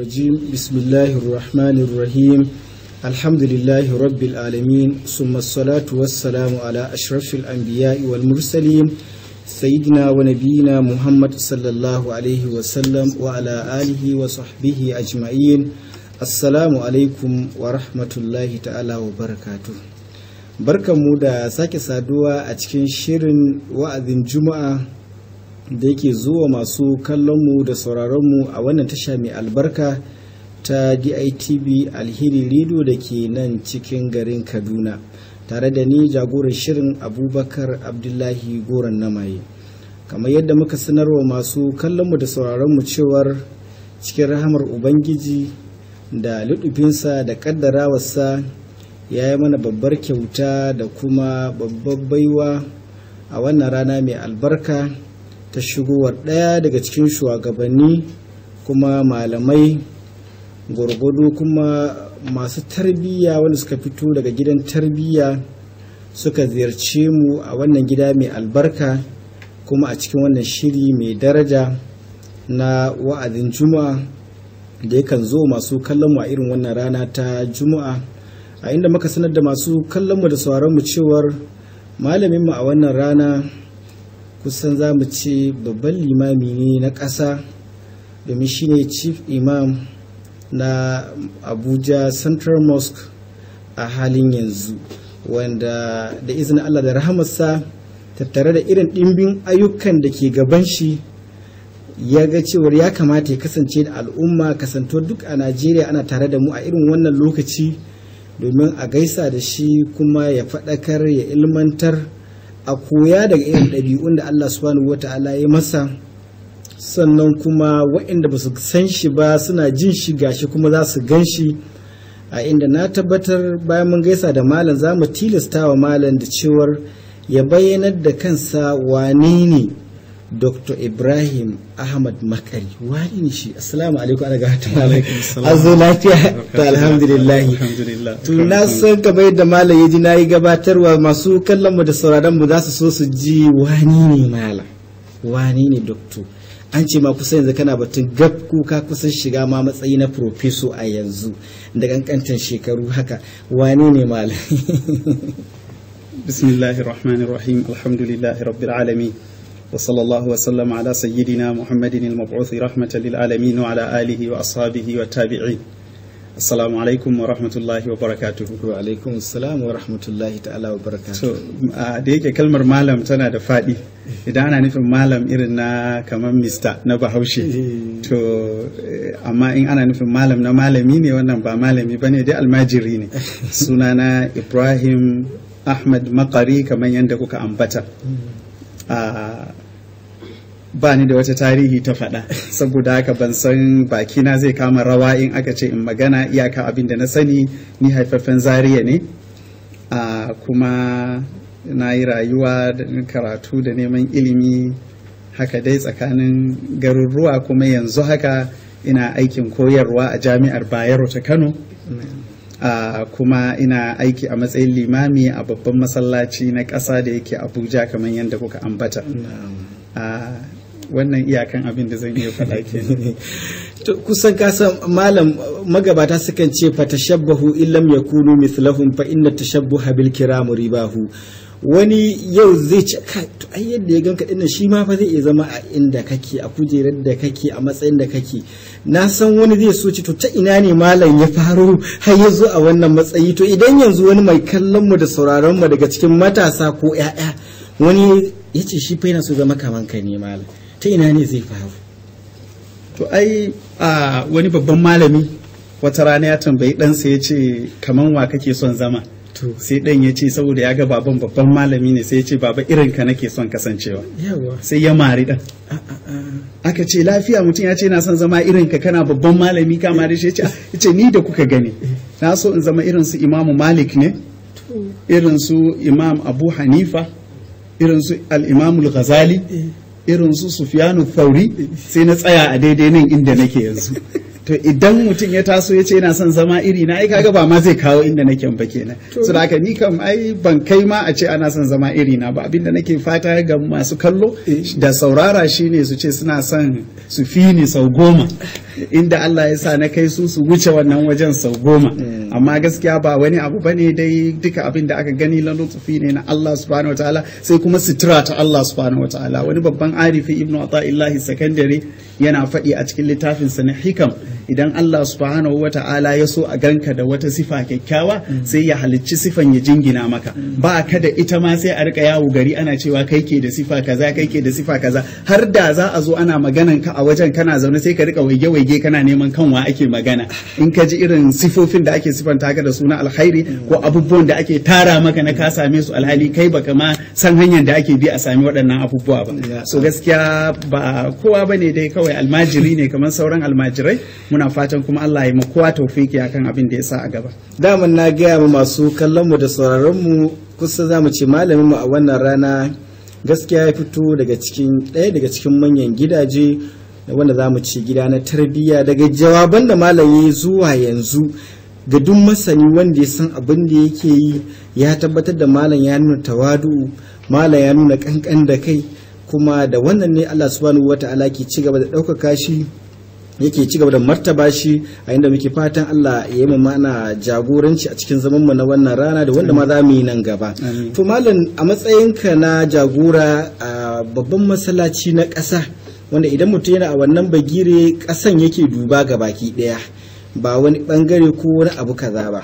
الرجيم بسم الله الرحمن الرحيم الحمد لله رب العالمين ثم الصلاة والسلام على أشرف الأنبياء والمرسلين سيدنا ونبينا محمد صلى الله عليه وسلم وعلى آله وصحبه أجمعين السلام عليكم ورحمة الله تعالى وبركاته بركة مودة ساكي سادوة أتكين شيرين وأذن جمعة da yake zuwa masu kallonmu da sauraronmu a wannan tasha mai albarka ta DITV alheri rido da ke nan cikin garin Kaduna tare da ni jagoran shirin Abubakar Abdullahi Goron Namaye. Kamar yadda muka sanarwa masu kallonmu da sauraronmu cewar cikin rahamar Ubangiji da luɗufinsa da ƙaddarawarsa ya yi mana babbar kyauta da kuma babbar baiwa a wannan rana mai albarka. ta shigowar ɗaya daga cikin shugabanni kuma malamai gwargwado kuma masu tarbiyya wanda suka fito daga gidan tarbiyya suka ziyarce mu a wannan gida mai albarka kuma a cikin wannan shiri mai daraja na wa'azin juma'a da yakan zo masu kallon mu a irin wannan rana ta juma'a a inda muka sanar da masu kallon mu da sauraron mu cewar malamin mu a wannan rana kusan za mu ce babban limami ne na ƙasa domin shine chief imam na abuja central mosque a halin yanzu wanda da izinin allah da rahamarsa tattare da irin ɗimbin ayyukan da ke gaban shi ya ga cewar ya kamata ya kasance da al'umma kasanto duk a najeriya ana tare da mu a irin wannan lokaci domin a gaisa da shi kuma ya faɗakar ya ilmantar a koya daga irin ɗabi'un da Allah subhanahu ta'ala ya masa sannan kuma waɗanda ba su san shi ba suna jin shi gashi kuma za su gan shi a inda na tabbatar bayan mun gaisa da malam za mu tilasta wa malam da cewar ya bayyanar da kansa wane ne Dr. Ibrahim Ahmad Makari wani ne shi assalamu alaikum ana gata malam azo lafiya ta alhamdulillah to na san kamar yadda malam ya ji na yi gabatarwa masu kallon mu da sauraron mu za su so su ji wani ne malam wani ne doctor an ce ma kusa yanzu kana batun gab kuka kusan shiga ma matsayi na profeso a yanzu da kankantan shekaru haka wani ne malam bismillahir rahmanir rahim alhamdulillahi rabbil alamin وصلى الله وسلم على سيدنا محمد المبعوث رحمة للعالمين وعلى آله وأصحابه والتابعين assalamu alaikum wa rahmatullahi wa barakatuhu wa alaikum assalam wa rahmatullahi ta'ala wa barakatuhu da yake kalmar malam tana da fadi idan ana nufin malam irin na kamar mista na bahaushe eh. to eh, amma in ana nufin malam na malami ne wannan ba malami ba ne dai almajiri ne sunana ibrahim ahmad makari kamar yadda kuka ambata hmm. ah, ba ni da wata tarihi ta faɗa saboda haka ban san bakina zai kama rawa in aka ce in magana iyaka abin da na sani ni haifafen Zariya ne kuma na yi rayuwa da karatu da neman ilimi haka dai tsakanin garuruwa kuma yanzu haka ina aikin koyarwa a jami'ar bayero ta kano Uh, kuma ina aiki a matsayin limami a babban masallaci na ƙasa da yake abuja kamar yadda kuka ambata wannan iyakan abin da zan iya faɗa ke kusan kasa malam magabata sukan ce fa tashabbahu illam yakunu mithlahum fa inna tashabbuha bil kiram ribahu wani yau zai ce ka to ai yadda ya ganka dinnan shi ma fa zai iya zama a inda kake a kujerar da kake a matsayin da kake na san wani zai so ce to ta ina ne malam ya faro har ya zo a wannan matsayi to idan yanzu wani mai kallon mu da sauraron mu daga cikin matasa ko 'ya'ya wani ya ce shi fa yana so zama kaman ka ne malam ta ina ne zai faru to ai a wani babban malami wata rana ya tambayi ɗansa ya ce kaman wa kake son zama To sai ɗan ya ce saboda ya ga baban babban malami ne sai ya ce baba irin ka nake son kasancewa sai ya mari ɗan aka ce lafiya mutum ya ce na son zama irin ka kana babban malami ka mari shi ah, ya ce ni da kuka gani na so in zama irin su imamu malik ne irin su imam abu hanifa irin su al-imamul ghazali eh. irin su sufiyanu thauri sai na tsaya a daidai nan inda nake yanzu to idan mutum ya taso ya ce yana son zama iri na ai kaga ba ma zai kawo inda nake ba kenan so da aka ni kam ai ban kai ma a ce ana son zama iri na ba abinda nake fata ga masu kallo eh. da saurara shine su ce suna son su fi ni sau goma inda Allah ya sa na kai su su wuce wannan wajen sau goma mm. amma gaskiya ba wani abu bane dai duka abin da aka gani na lutsufi ne na Allah subhanahu wataala sai kuma sutura ta Allah subhanahu wataala wani babban arifi ibnu ata'illahi sakandare yana faɗi a cikin littafinsa na hikam idan Allah subhanahu wa ta'ala ya so a ganka da wata sifa kyakkyawa sai ya halicci sifan ya jingina maka ba ka da ita ma sai a rika yawo gari ana cewa kai ke da sifa kaza kai ke da sifa kaza har da za a zo ana maganan ka a wajen kana zaune sai ka rika waige waige kana neman kanwa ake magana in ka ji irin sifofin da ake sifanta ka da suna alkhairi ko abubuwan da ake tara maka na ka same su alhali kai baka ma san hanyar da ake bi a sami waɗannan abubuwa ba so gaskiya ba kowa bane dai kawai almajiri ne kamar sauran almajirai muna fatan kuma Allah ya kowa taufiki akan abin da ya sa a gaba daman na gaya mu masu kallon mu da sauraron mu kusa za mu ce malamin mu a wannan rana gaskiya ya fito daga cikin ɗaya daga cikin manyan gidaje wanda za mu ci gida na tarbiyya daga jawaban da malaye zuwa yanzu ga duk masani wanda ya san abin da yake yi ya tabbatar da malam ya nuna tawadu malam ya nuna kankan da kai kuma da wannan ne Allah subhanahu wata'ala ke ci gaba da ɗaukaka shi yake ci gaba da martaba shi a inda muke fatan Allah ya yi mana jagoranci a cikin zaman mu na wannan rana da wanda ma za mu yi nan gaba to malam a matsayinka na jagora a babban masallaci na ƙasa wanda idan mutum yana a wannan bagire ƙasan yake duba ga baki ɗaya ba wani bangare ko wani abu kaza ba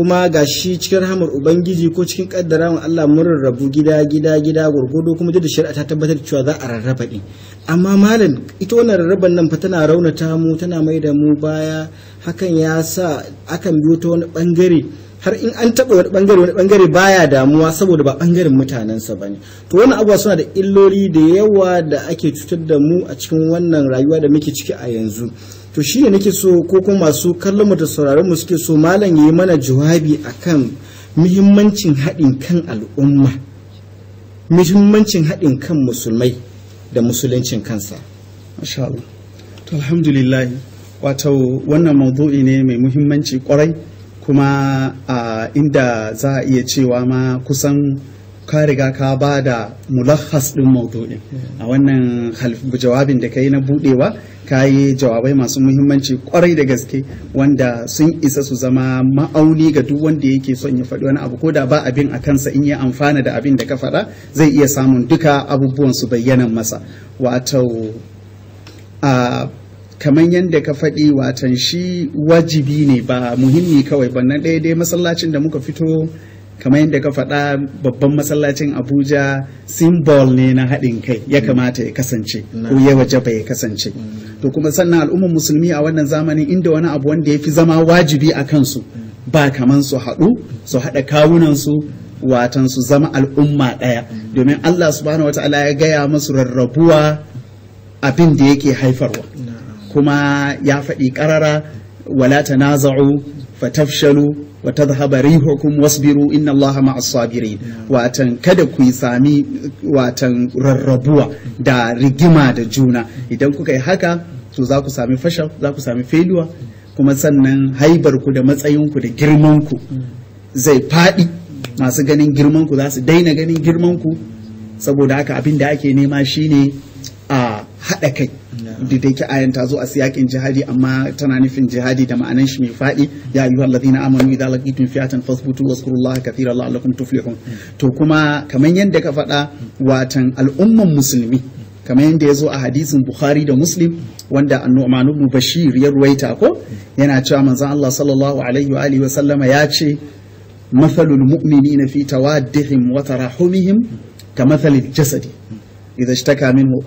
kuma ga shi cikin rahamar ubangiji ko cikin kaddarawan Allah mun rarrabu gida gida gida gurgudu kuma duk da shari'a ta tabbatar da cewa za a rarraba din amma malam ita wannan rarraban nan fa tana raunata mu tana mai da mu baya hakan ya sa akan biyo ta wani bangare har in an taɓa wani bangare wani bangare baya damuwa saboda ba bangaren mutanensa ba ne to wannan abuwa suna da illoli da yawa da ake cutar da mu a cikin wannan rayuwa da muke ciki a yanzu to shi ne nake so ko kuma masu kallon mu da sauraron mu suke so malam yi mana jawabi akan muhimmancin haɗin kan al'umma muhimmancin haɗin kan musulmai da musuluncin kansa masha Allah to alhamdulillah wato wannan mawdu'i ne mai muhimmanci kwarai kuma a inda za a iya cewa ma kusan ka riga ka ba da mulakhas din maudu'in a wannan jawabin da ka yi na budewa ka yi jawabai masu muhimmanci kwarai da gaske wanda sun isa su zama ma'auni ga duk wanda yake son ya faɗi wani abu ko da ba abin a kansa in ya amfana da abin da ka faɗa zai iya samun duka abubuwan su bayyanan masa wato a kamar yadda ka faɗi watan shi wajibi ne ba muhimmi kawai ba na ɗaya dai masallacin da muka fito kamar yadda ka faɗa babban masallacin abuja symbol ne na haɗin kai ya mm. kamata ya kasance mm. ko ya waje bai ya kasance mm. to kuma sannan al'ummar musulmi a wannan zamani inda wani abu wanda ya fi zama wajibi a kansu ba kaman su haɗu su haɗa kawunansu watan su zama al'umma ɗaya domin allah subhanahu wa ta'ala ya gaya musu rarrabuwa abin da yake haifarwa kuma ya faɗi ƙarara wala tanaza'u fatafshalu wa hukum rihukum wasbiru inna Allaha ma'as sabirin watan kada ku sami watan rarrabuwa da rigima da juna idan kuka yi haka to za ku sami fashal za ku sami failure kuma sannan haibar ku da matsayin ku da girman ku zai fadi masu ganin girmanku ku za su daina ganin girman ku saboda haka abin da ake nema shine a haɗa kai duk da yake ayan ta zo a siyakin jihadi amma tana nufin jihadi da ma'anan shi mai faɗi ya ayyuha na amanu idan laqitum fi'atan fasbutu wazkurullaha kathiran la'allakum tuflihun to kuma kaman yadda ka faɗa watan al'umman musulmi kamar yadda ya zo a hadisin bukhari da muslim wanda annu'man ibn bashir ya ruwaita ko yana cewa manzon Allah sallallahu alaihi wa alihi wa sallama ya ce mathalul mu'minina fi tawaddihim wa tarahumihim kamathali jasadi idza ishtaka minhu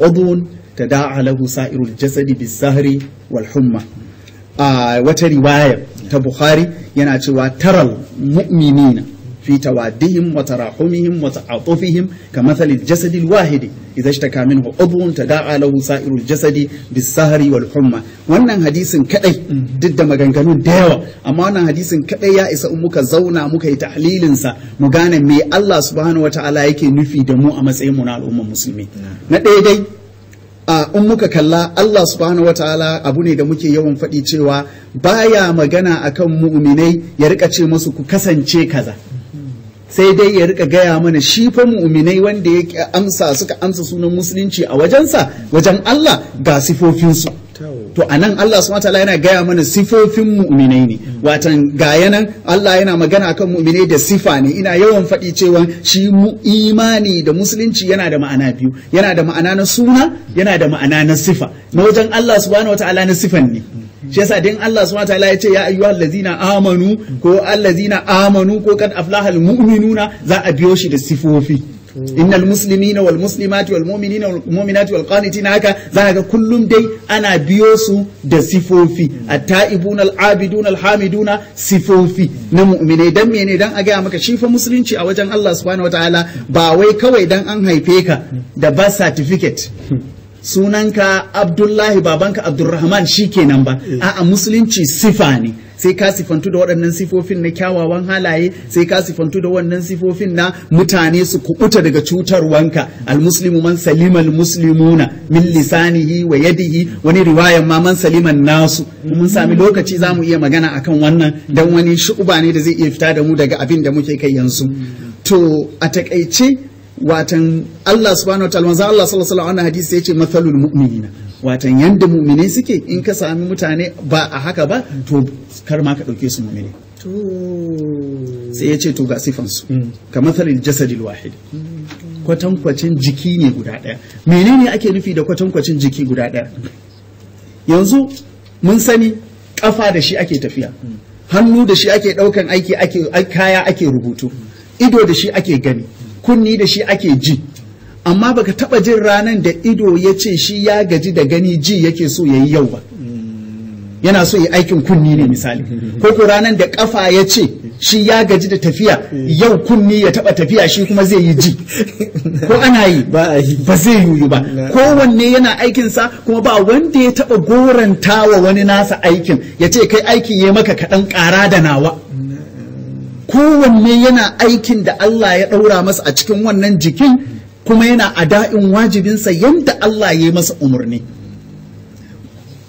tada'a lahu sa'irul jasadi bizahri wal humma a wata riwaya ta bukhari yana cewa taral mu'minina fi tawaddihim wa tarahumihim wa ta'atufihim ka mathalil jasadi wahidi idza ishtaka minhu udhun tada'a lahu sa'irul jasadi bisahri wal humma wannan hadisin kadai duk da maganganun da yawa amma wannan hadisin kadai ya isa in muka zauna muka yi tahlilin sa mu gane me Allah subhanahu wataala yake nufi da mu a matsayin mu na al'ummar musulmi na daidai a in muka kalla Allah subhanahu wataala abu ne da muke yawan faɗi cewa baya magana akan mu'minai ya rika ce masu ku kasance kaza sai dai ya rika gaya mana shi fa mu'minai wanda ya amsa suka amsa sunan musulunci a wajensa wajen Allah ga sifofinsu to anan Allah subhanahu wataala yana gaya mana sifofin mu'minai ne watan ga yanan Allah yana magana kan mu'minai da sifa ne ina yawan faɗi cewa shi imani da musulunci yana da ma'ana biyu yana da ma'ana na suna yana da ma'ana na sifa na wajen Allah subhanahu wataala na sifan ne shi yasa din Allah subhanahu wataala ya ce ya ayyuhal na amanu ko allazina amanu ko kad aflahal mu'minuna za a biyo shi da sifofi Mm. innal muslimina wal muslimati wal mu'minina wal mu'minati wal qanitina haka za ga kullum dai ana biyo su da sifofi mm. at-ta'ibuna al-abiduna al-hamiduna sifofi na mu'mine dan mene dan a ga maka shi fa musulunci a wajen Allah subhanahu wataala ba wai kawai dan an haife ka da birth certificate sunanka Abdullahi babanka Abdulrahman shikenan ba mm. a'a musulunci sifa ne sai ka sifantu da waɗannan sifofin na kyawawan halaye sai ka sifantu da wannan sifofin na mutane su kubuta daga cutarwanka almuslimu man saliman muslimuna min lisanihi wa yadihi wani riwayan ma man saliman nasu mun mm-hmm. sami lokaci za mu iya magana akan wannan dan wani shu'uba ne da zai iya fita da mu daga abin da muke kai yanzu mm-hmm. to a takaice watan Allah subhanahu wa ta'ala manzo Allah sallallahu alaihi wasallam hadisi yace mathalul mu'minina watan yadda mummine suke in ka sami mutane ba a haka ba to kar ma ka ɗauke su mumine sai ya ce to ga sifansu mm. ka matsalin jasadil wahid kwatankwacin jiki ne guda ɗaya menene ake nufi da kwatankwacin jiki guda ɗaya yanzu mun sani kafa da shi ake tafiya hannu da shi ake ɗaukan aiki ake kaya ake rubutu ido da shi ake gani kunni da shi ake ji amma baka taba jin ranar da ido ya ce shi ya gaji da gani ji yake so ya yi yau ba yana so ya aikin kunni ne misali ko ko ranar da kafa ya ce shi ya gaji da tafiya yau kunni ya taba tafiya shi kuma zai yi ji ko ana yi ba zai yiwu ba kowanne yana aikinsa kuma ba wanda ya taba goranta wa wani nasa aikin ya ce kai aiki ya maka kaɗan ƙara da nawa kowanne yana aikin da Allah ya ɗaura masa a cikin wannan jikin kuma yana a da'in wajibinsa yadda Allah ya yi masa umarni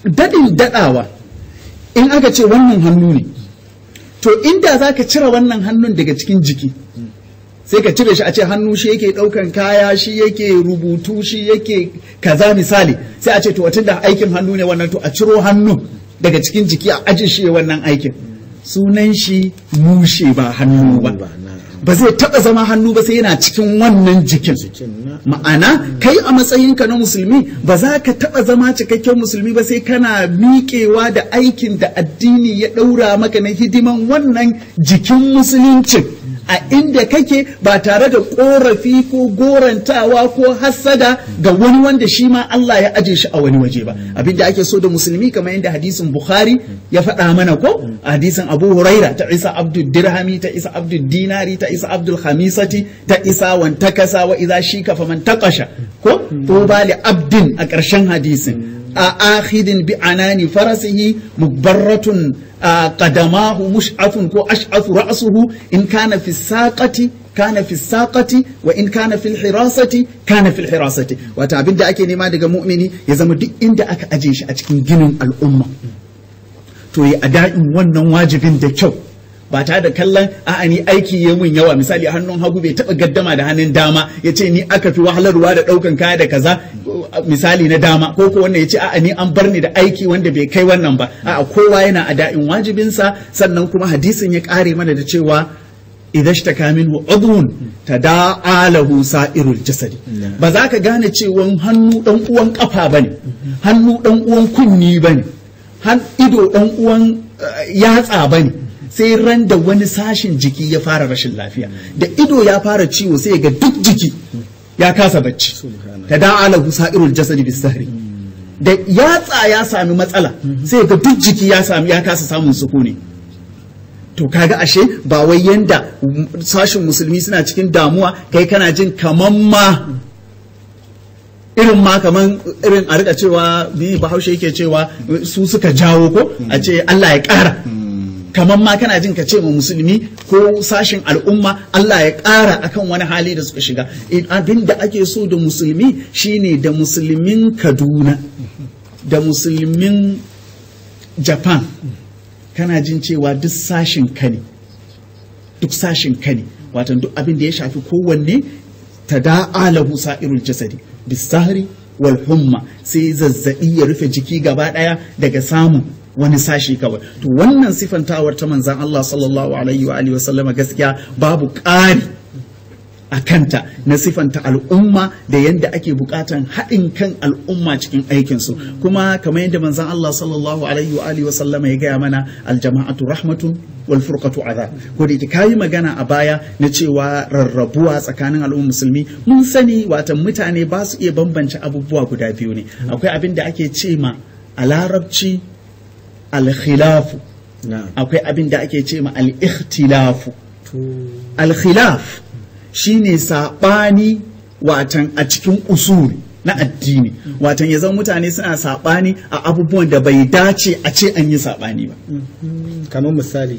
daɗin daɗawa in aka ce wannan hannu ne to inda za ka cire wannan hannun daga cikin jiki sai ka cire shi a ce hannu shi yake ɗaukan kaya shi yake rubutu shi yake kaza misali sai a ce to tun da aikin hannu ne wannan to a ciro hannun daga cikin jiki a ajin shi wannan aikin sunan shi mushe ba hannu ba um, ba zai taɓa zama hannu ba sai yana cikin wannan jikin ma'ana kai a matsayinka na musulmi ba za ka taɓa zama cikakken musulmi ba sai kana miƙewa da aikin da addini ya ɗaura maka na hidiman wannan jikin musuluncin a inda kake ba tare da korafi ko gorantawa ko hassada ga wani wanda shi ma Allah ya aje shi a wani waje ba abin da ake so da musulmi kamar yadda hadisin Bukhari ya faɗa mana ko hadisin Abu Huraira ta isa abdul dirhami ta isa abdul dinari ta isa abdul khamisati ta isa wan takasa wa idza shika faman taqasha ko to bali abdin a ƙarshen hadisin a akhidin bi anani farasihi mubarratun qadamahu mush'afun ko ash'afu ra'suhu in kana fi saqati kana fi saqati wa in kana fil hirasati kana fil hirasati wata abinda da ake nema daga mu'mini ya zama duk inda aka aje shi a cikin ginin al'umma to ya ada'in wannan wajibin da kyau ba tare da kallon a'a ni aiki ya mun yawa misali hannun hagu bai taba gaddama da hannun dama ya ce ni aka fi wahalarwa da daukan kaya da kaza misali na dama ko ko wannan ya ce a'a ni an bar ni da aiki wanda bai kai wannan ba a'a kowa yana a ada'in wajibinsa sannan kuma hadisin ya kare mana da cewa idza ta minhu udhun ta lahu sa'irul jasadi ba za ka gane cewa hannu dan uwan kafa bane hannu dan uwan kunni bane han ido dan uwan eh, yatsa bane sai ran da wani sashin jiki ya fara rashin lafiya da ido ya fara ciwo sai ga duk jiki ya kasa bacci ta da'ala sa'irul jasadi bis da yatsa ya sami matsala sai ga duk jiki ya sami ya kasa samun sukuni to kaga ashe ba wai yanda sashin musulmi suna cikin damuwa kai kana jin kaman ma irin ma kaman irin a rika cewa bi bahaushe yake cewa su suka jawo ko a ce Allah ya kara kamar ma kana jin ka ce ma musulmi ko sashen al'umma Allah ya ƙara akan wani hali da suka shiga abin da ake so da musulmi shine da musulmin Kaduna da musulmin Japan kana jin cewa duk sashen ka ne duk sashen ka ne watan duk abin da ya shafi kowanne ta da'alahu sa'irul jasadi bisahari wal humma sai zazzabi ya rufe jiki gaba daya daga samu. wani sashi kawai to wannan sifantawar ta manzan Allah sallallahu alaihi wa alihi wasallama gaskiya babu ƙari a kanta na sifanta al'umma da yadda ake bukatan haɗin kan al'umma cikin aikinsu kuma kamar yadda manzan Allah sallallahu alaihi wa alihi wasallama ya gaya mana aljama'atu rahmatun wal furqatu azab ko da kayi magana a baya na cewa rarrabuwa tsakanin al'umma musulmi mun sani wata mutane ba su iya bambance abubuwa guda biyu ne akwai abin da ake ce ma a larabci alkhilafu akwai abin da ake ce ma al-ikhtilafu al-khilaf shine sabani watan a cikin usuri na addini watan ya zama mutane suna saɓani a abubuwan da bai dace a ce an yi saɓani ba kamar misali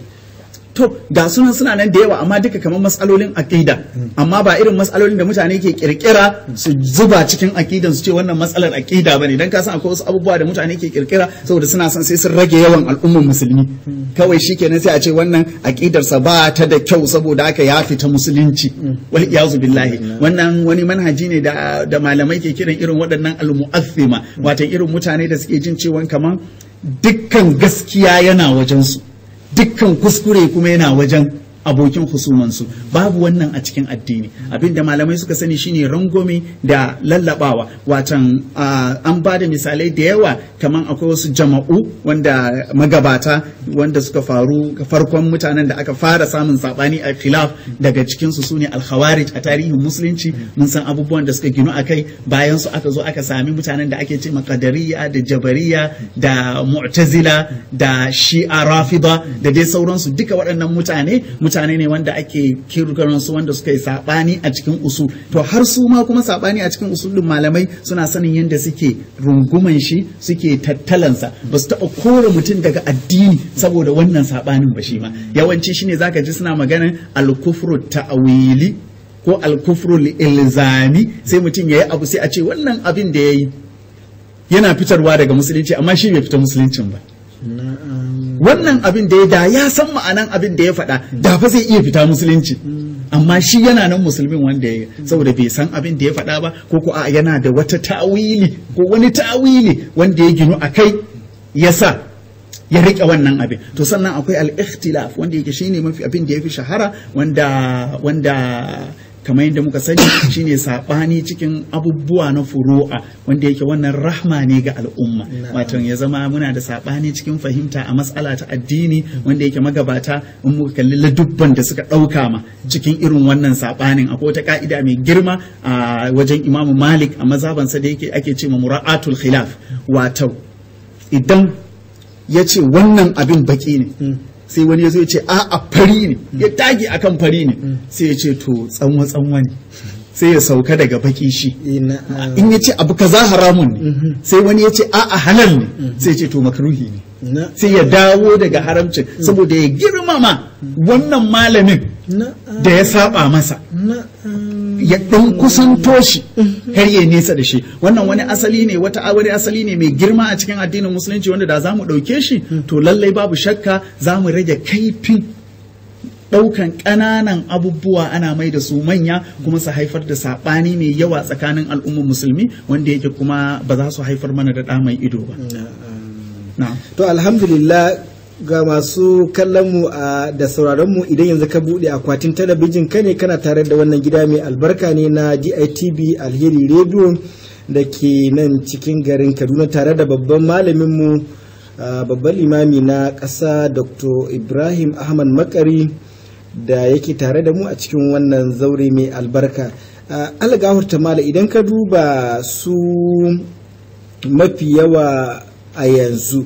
to ga sunan suna nan da yawa amma duka kamar matsalolin aƙida amma ba irin matsalolin da mutane ke kirkira su zuba cikin aƙidan su ce wannan matsalar aƙida bane dan ka san akwai wasu abubuwa da mutane ke kirkira saboda suna son sai sun rage yawan al'ummar musulmi kawai shi shikenan sai a ce wannan aƙidar sa ba ta da kyau saboda haka ya fita musulunci wal iyazu billahi wannan wani manhaji ne da malamai ke kiran irin waɗannan al-mu'azzima wato irin mutane da suke jin cewa kaman dukkan gaskiya yana wajensu dukkan kuskure kuma yana wajen abokin husumansu babu wannan a cikin addini abinda malamai suka sani shine rangwami da lallabawa watan an ba da misalai da yawa kamar akwai wasu jama'u wanda magabata wanda suka faru farkon mutanen da aka fara samun sabani a khilaf daga cikinsu su sune al a tarihin musulunci mun san abubuwan da suka ginu akai bayan su aka zo aka sami mutanen da ake ce makadariya da jabariya da mu'tazila da shi'a rafida da dai sauransu duka waɗannan mutane mutane ne wanda ake kirgaron su wanda suka yi sabani a cikin usu. to har su ma kuma sabani a cikin usu din malamai suna sanin yadda suke runguman shi suke tattalansa ba su taba kore mutum daga addini saboda wannan sabanin ba shi ma yawanci shine zaka ji suna maganin alkufru ta'awili ta'wili ko alkufru ilzami sai mutum ya yi abu sai a ce wannan abin da yayi yana fitarwa daga musulunci amma shi bai fita musuluncin ba wannan abin da ya da ya san ma'anan abin da ya faɗa da fa zai iya fita musulunci amma shi yana nan musulmin wanda ya saboda bai san abin da ya faɗa ba ko ko a yana da wata tawili ko wani tawili wanda ya ginu a kai ya sa ya rike wannan abin to sannan akwai al-ikhtilaf wanda yake shine mafi abin da ya fi shahara wanda wanda kamar yadda muka sani shine sabani cikin abubuwa na furu'a wanda yake wannan rahma ne ga al'umma wato ya zama muna da sabani cikin fahimta a matsala ta addini wanda yake magabata in muka kalli ladubban da suka dauka ma cikin irin wannan sabanin akwai wata ka'ida mai girma a wajen Imam Malik a mazabansa da yake ake ce ma mura'atul khilaf wato idan ya ce wannan abin baki ne hmm. sai wani ya zo ya ce a fari ne mm. ya tage akan fari ne mm. sai ya ce to tsanwa tsanwa ne sai ya sauka daga baki shi ah. in ya ce abu kaza haramun ne mhm. sai wani ya ce a'a halal ne mhm. sai ya ce to makruhi ne sai ya dawo daga haramcin mm. saboda ya girmama wannan malamin ah. da ya saba masa ah. ya ɗan kusanto shi mhm. har ya nesa da shi wannan wani asali ne wata wani asali ne mai girma a cikin addinin musulunci wanda da za mu ɗauke shi mm. to lallai babu shakka za mu rage kaifin ɗaukan ƙananan abubuwa ana mai da su manya kuma su haifar da saɓani mai yawa tsakanin al'ummar musulmi wanda yake kuma ba za su haifar mana da ɗa mai ido ba. To alhamdulillah ga masu kallon mu da sauraron mu idan yanzu ka buɗe akwatin talabijin ka ne kana tare da wannan gida mai albarka ne na DITB alheri Radio da ke nan cikin garin Kaduna tare da babban malamin mu babban limami na ƙasa Dr. Ibrahim Ahmad Makari. da yake tare da mu a cikin wannan zaure mai albarka algahur tamala idan ka duba su mafi yawa a yanzu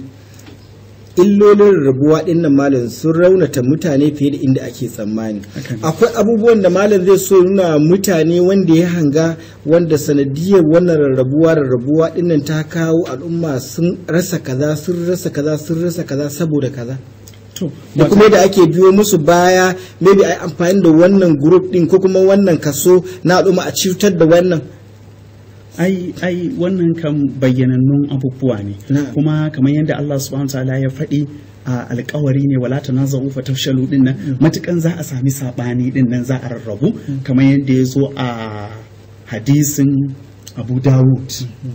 illolin rabuwa din nan malam sun raunata mutane fiye da inda ake tsammani akwai abubuwan da malam zai so nuna mutane wanda ya hanga wanda sanadiyar wannan rarrabuwa rarrabuwa din nan ta kawo al'umma sun rasa kaza sun rasa kaza sun rasa kaza saboda kaza da kuma yadda ake biyo musu baya maybe a yi amfani da wannan group din ko kuma wannan kaso na al'umma a cutar da wannan ai wannan kan bayyanannun abubuwa ne kuma kamar yadda Allah subhanahu wa ta'ala ya faɗi a alkawari ne wala ta naza ufa tafshalu din nan mm. matukan za a sami saɓani din nan za a rarrabu mm. kamar yadda ya zo a hadisin abu dawud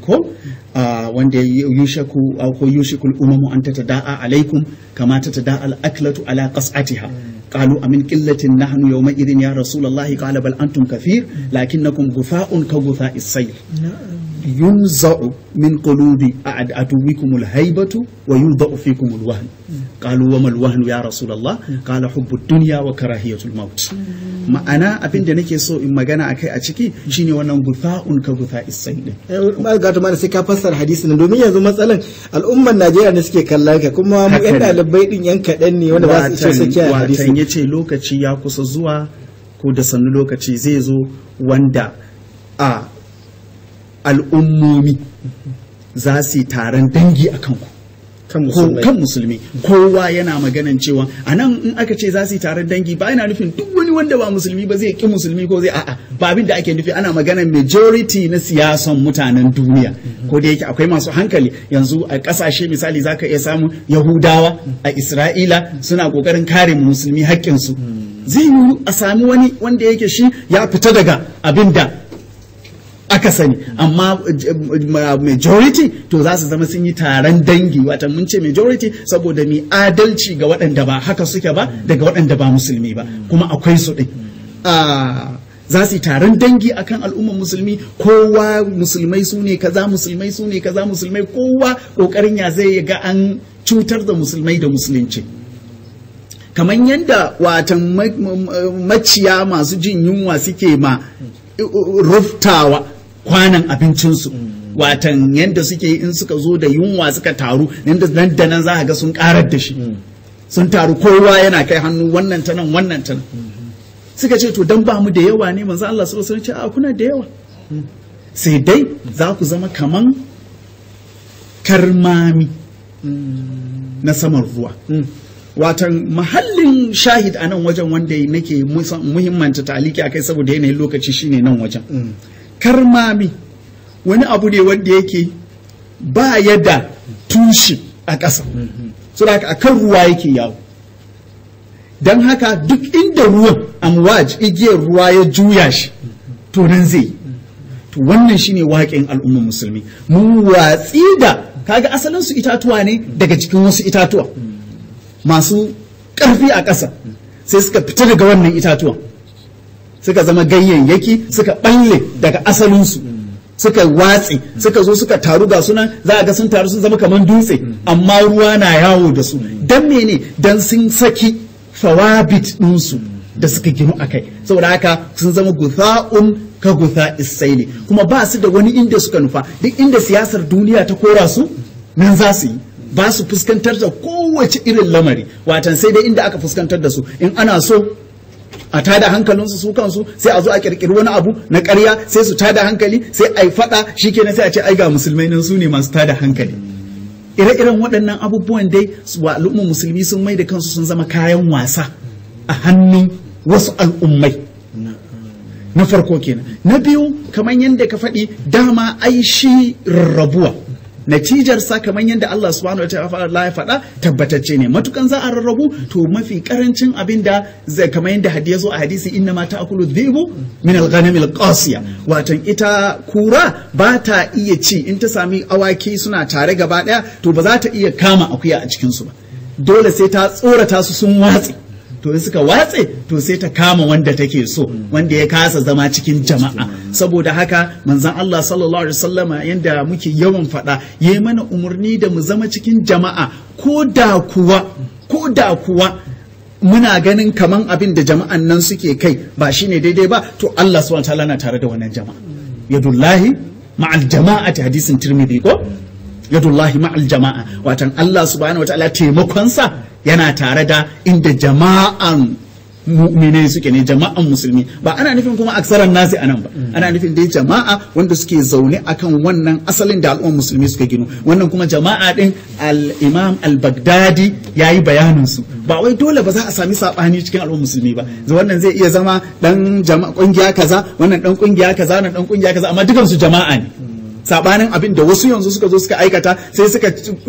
ko ah, wanda yushaku ah, ko yushikul umamu an tatada'a alaikum kamata tatada'a al-aklatu ala qas'atiha ƙalu amin qillatin nahnu yawma irin ya rasulullahi qala bal antum kathir lakinnakum gufa'un ka gufa'is sayl yunza'u min qulubi aduwikum haibatu wa yudha'u fikum alwahn qalu wa mal wahn ya rasulullah qala hubbu dunya wa karahiyatul maut ma'ana abinda nake so in magana akai a ciki shine wannan gutha'un ka gutha sayyid eh, ma ga ta mana sai ka fassara hadisi nan domin yanzu matsalan al'ummar Najeriya ne suke kallon ka kuma mu yan dalibai din yan kadan ne wanda ba su isa sake hadisi watan yace lokaci ya kusa zuwa ko da sannu lokaci zai zo wanda a al'ummomi za su yi taron dangi a kanku kan musulmi kowa yana maganan cewa a nan in aka ce za su yi taron dangi ba yana nufin duk wani wanda ba musulmi ba zai ki musulmi ko zai a'a ba abin da ake nufi ana maganan majority na siyasan mutanen duniya ko da yake akwai masu hankali yanzu a ƙasashe misali zaka iya samun yahudawa a isra'ila suna kokarin kare musulmi haƙƙinsu zai yiwu a sami wani wanda yake shi ya fita daga abin da aka sani amma eh, eh, majority to za su zama sun yi taron dangi wata mun ce majority saboda mi adalci ga waɗanda ba haka suke ba daga waɗanda ba musulmi ba kuma akwai su ɗin ah, za su yi taron dangi akan al'ummar musulmi kowa musulmai su ne kaza musulmai su ne kaza musulmai kowa ƙoƙarin ya zai ga an cutar da musulmai da musulunci kamar yadda watan maciya masu jin yunwa suke ma eh, ruftawa kwanan abincinsu mm. watan yadda suke in suka zo da yunwa suka taru nan da nan za a ga sun karar da shi mm. sun taru kowa yana kai hannu wannan ta nan wannan ta nan mm-hmm. suka ce to dan ba mu da yawa ne manzo Allah sallallahu alaihi wasallam ce a kuna da yawa mm. sai dai za ku zama kaman karmami na saman ruwa watan mahallin shahid a nan wajen wanda nake muhimmanta taliki akai saboda yanayin lokaci shine nan wajen karmami wani abu ne wanda yake ba ya da tushe a ƙasa su da kan ruwa yake yawo don haka duk inda ruwan amwaj igiyar ruwa ya juya shi to nan zai to wannan shine waƙin al'ummar musulmi mu watsi da kaga asalin su itatuwa ne daga cikin wasu itatuwa masu ƙarfi a ƙasa sai suka fita daga wannan itatuwan suka zama ganyayyaki suka ɓanle daga asalinsu mm. suka watse mm. suka zo suka taru ga sunan za a ga sun taru sun zama kamar dutse mm. amma ruwa na yawo da su dan mene don sun saki fawabit ɗinsu da suka ginu a kai saboda haka sun zama gutha'un ka gutha isaili kuma ba su da wani inda suka nufa duk inda siyasar duniya ta kora su nan za su yi ba su fuskantar da kowace irin lamari watan sai dai inda aka fuskantar da su in ana so a tada hankalinsu su kansu sai a zo a kirkiri wani abu na karya sai su tada hankali sai a yi faɗa shikenan sai a ce ai ga musulmai nan su ne masu tada hankali ire-iren waɗannan abubuwan dai wa al'ummar musulmi sun mai da kansu sun zama kayan wasa a hannun wasu al'ummai na farko kenan na biyu kamar yadda ka faɗi dama ai shi rarrabuwa sa kamar yadda Allah subhanahu wa ya faɗa tabbatacce ne matukan za a rarrabu to mafi karancin abin da zai kamar yadda ya zo a hadisi inna ma ta'kulu dhibu min al-ghanam al-qasiya watan ita kura ba ta iya ci in ta sami awaki suna tare gaba daya to ba za ta iya kama akuya a cikin su ba dole sai ta tsorata su sun watsi to suka watse to sai ta kama wanda take so wanda ya kasa zama cikin jama'a saboda haka manzan Allah sallallahu alaihi wasallama yanda muke yawan faɗa yi mana umarni da mu zama cikin jama'a ko da kuwa ko da kuwa muna ganin kaman abin da jama'an nan suke kai ba shine daidai ba to Allah subhanahu wataala na tare da wannan jama'a yadullahi ma'al jama'ati hadisin tirmidhi ko yadullahi ma'al jama'a watan Allah subhanahu wataala taimakon sa yana tare da inda jama'an mu'mine suke ne jama'an musulmi ba ana nufin kuma aksaran nasi anan ba ana nufin dai jama'a wanda suke zaune akan wannan asalin da al'ummar musulmi suke gino wannan kuma jama'a din al-imam al-baghdadi yayi bayanin su ba wai dole ba za a sami sabani cikin al'ummar musulmi ba wannan zai iya zama dan jama'a kungiya kaza wannan dan kungiya kaza wannan dan kungiya kaza amma dukan su jama'a ne sabanin abin da wasu yanzu suka zo suka aikata sai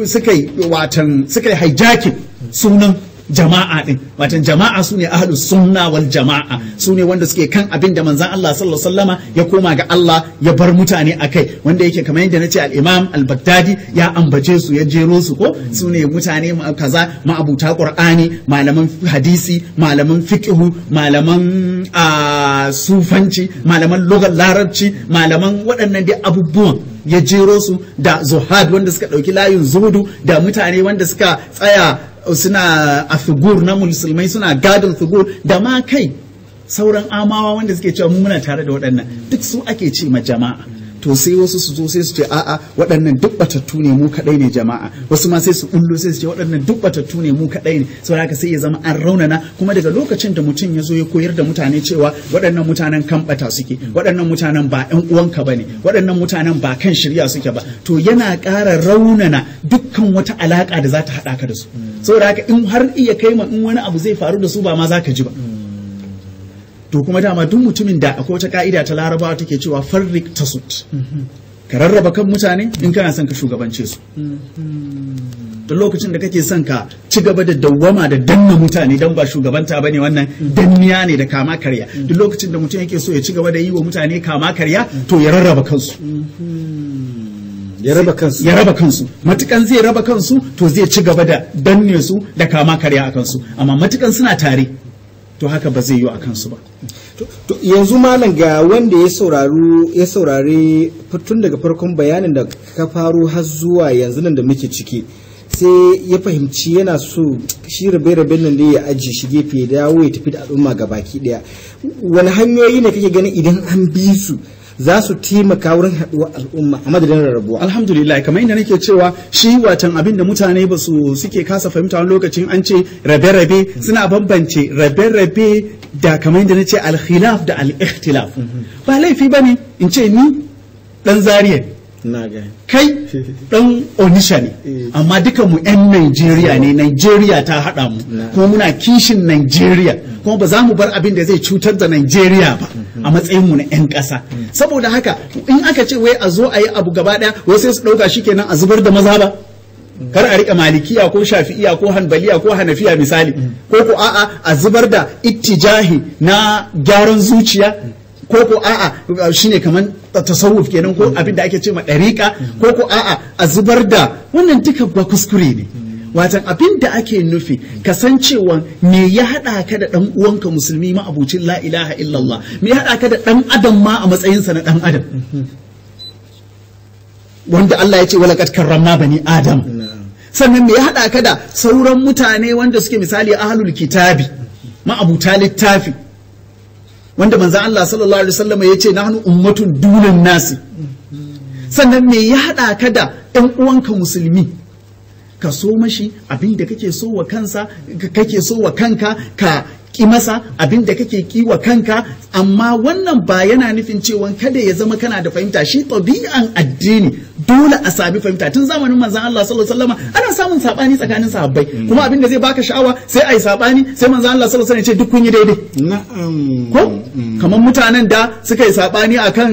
suka yi watan suka hijacking sunan jama'a din watan jama'a su ne ahlus sunna wal jama'a su ne wanda suke kan abin da manzan Allah sallallahu sallama ya koma ga Allah ya bar mutane a kai wanda yake kamar yadda na ce al-imam al-baghdadi ya ambace su ya jero su ko su ne mutane kaza ma'abuta qur'ani malaman hadisi malaman fiqhu malaman sufanci malaman lugar larabci malaman waɗannan dai abubuwan ya jero su da zuhad wanda suka ɗauki layin zuhudu da mutane wanda suka tsaya suna a figur na musulmai suna gadon figur da ma kai sauran amawa wanda suke cewa mu muna tare da waɗannan duk su ake ce ma jama'a to sai wasu su zo sai su ce a'a waɗannan duk batattu ne mu kaɗai ne jama'a wasu ma sai su bullo sai su ce waɗannan duk batattu ne mu kaɗai ne saboda haka sai ya zama an raunana kuma daga lokacin da mutum ya zo ya koyar da mutane cewa waɗannan mutanen kan bata suke waɗannan mutanen ba ƴan uwanka bane waɗannan mutanen ba kan shirya suke ba to yana ƙara raunana dukkan wata alaƙa da za ta haɗa ka da su saboda haka in har iya kai ma in wani abu zai faru da su ba ma za ka ji ba to kuma dama duk mutumin da akwai wata ka'ida ta larabawa take cewa farrik tasut ka rarraba kan mutane in kana son ka shugabance su mm-hmm. duk lokacin da kake son ka ci gaba da dawwama da danna mutane dan ba shugabanta bane wannan danniya ne da kama karya mm-hmm. duk lokacin da mutum yake so ya ci gaba da yi wa mutane kama karya to ya rarraba mm-hmm. kansu ya raba kansu matukan zai raba kansu to zai ci gaba da danne su da kama karya a kansu amma matukan suna tare to haka ba zai yi a kansu ba yanzu malam ga wanda ya sauraru ya saurare tun daga farkon bayanin da ka faro har zuwa yanzu nan da muke ciki sai ya fahimci yana so shi rabe-raben nan da ya aji shi gefe da ya tafi da al'umma ga baki daya wani hanyoyi ne kake ganin idan an bi su za su taimaka wurin haɗuwar al'umma a madadin rarrabuwa alhamdulillah kamar inda nake cewa shi watan abin da mutane ba su suke kasa fahimta wani lokacin an ce rabe-rabe suna bambance rabe-rabe da kamar inda nace al-khilaf da al-ikhtilaf ba laifi bane in ce ni dan zariya kai dan onisha ne eh. amma duka mu yan Najeriya ne Najeriya ta haɗa mu kuma muna kishin Najeriya kuma ba za mu bar abin da zai cutar da Najeriya ba a matsayinmu na 'yan ƙasa saboda haka in aka ce wai a zo a yi abu gaba ɗaya wai sai su ɗauka shi kenan a zubar da maza ba kar a riƙa malikiya ko shafi'iya ko hanbaliya ko hanafiya misali ko ko a'a a zubar da ittijahi na gyaran zuciya ko ko a'a shine kamar tasawuf kenan ko abin da ake ce ma ɗariƙa ko ko a'a a zubar da wannan duka ba kuskure ne watan abin da ake nufi kasancewa me ya haɗa ka da ɗan uwanka musulmi ma abucin la ilaha illallah me ya haɗa ka da ɗan adam ma a matsayinsa na ɗan adam wanda Allah ya ce walakat karramna bani adam sannan me ya haɗa ka da sauran mutane wanda suke misali ahlul kitabi ma'abuta littafi wanda manzan Allah sallallahu alaihi wasallam ya ce nahnu ummatun dunan nasi sannan me ya haɗa ka da ɗan uwanka musulmi ka so mashi abin da kake so wa kansa kake so wa kanka ka ki masa abin da kake ki wa kanka amma wannan ba yana nufin cewa kada ya zama kana da fahimta shi tabi'an addini dole a sami fahimta tun zamanin manzon Allah sallallahu alaihi wasallam ana samun sabani tsakanin sahabbai mm. kuma abin da zai baka sha'awa sai ai sabani sai manzon Allah sallallahu alaihi wasallam ya ce duk kun yi daidai na'am ko kamar mutanen da suka yi sabani akan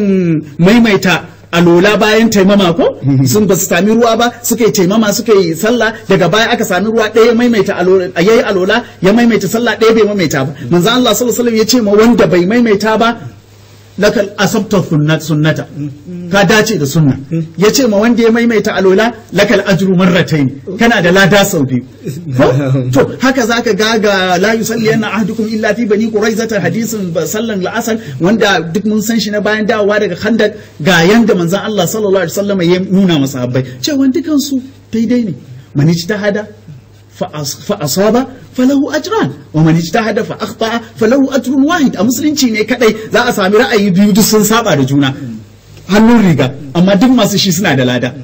maimaita alola bayan taimama ko sun ba su sami ruwa ba suka yi taimama suka yi sallah daga baya aka sami ruwa ɗaya maimaita a yayi alola ya maimaita sallah ɗaya bai maimaita ba manzo Allah sallallahu alaihi wasallam ya ce ma wanda bai maimaita ba lakal asabta sunnata ka dace da sunna ya ce ma wanda ya maimaita alola lakal ajru marratain kana da lada sau biyu to haka zaka ga ga la yusalli yana ahdukum illa fi bani quraizata hadisin sallan la'asar wanda duk mun san shi na bayan dawowa daga khandak ga yanda manzon Allah sallallahu alaihi wasallam ya nuna abai. cewa dukan su daidai ne ta hada. fa asaba falahu ajran wa man ijtahada fa akhta falahu ajrun wahid a musulunci ne kadai za a sami ra'ayi biyu duk sun saba da juna hannun riga amma duk masu shi suna da lada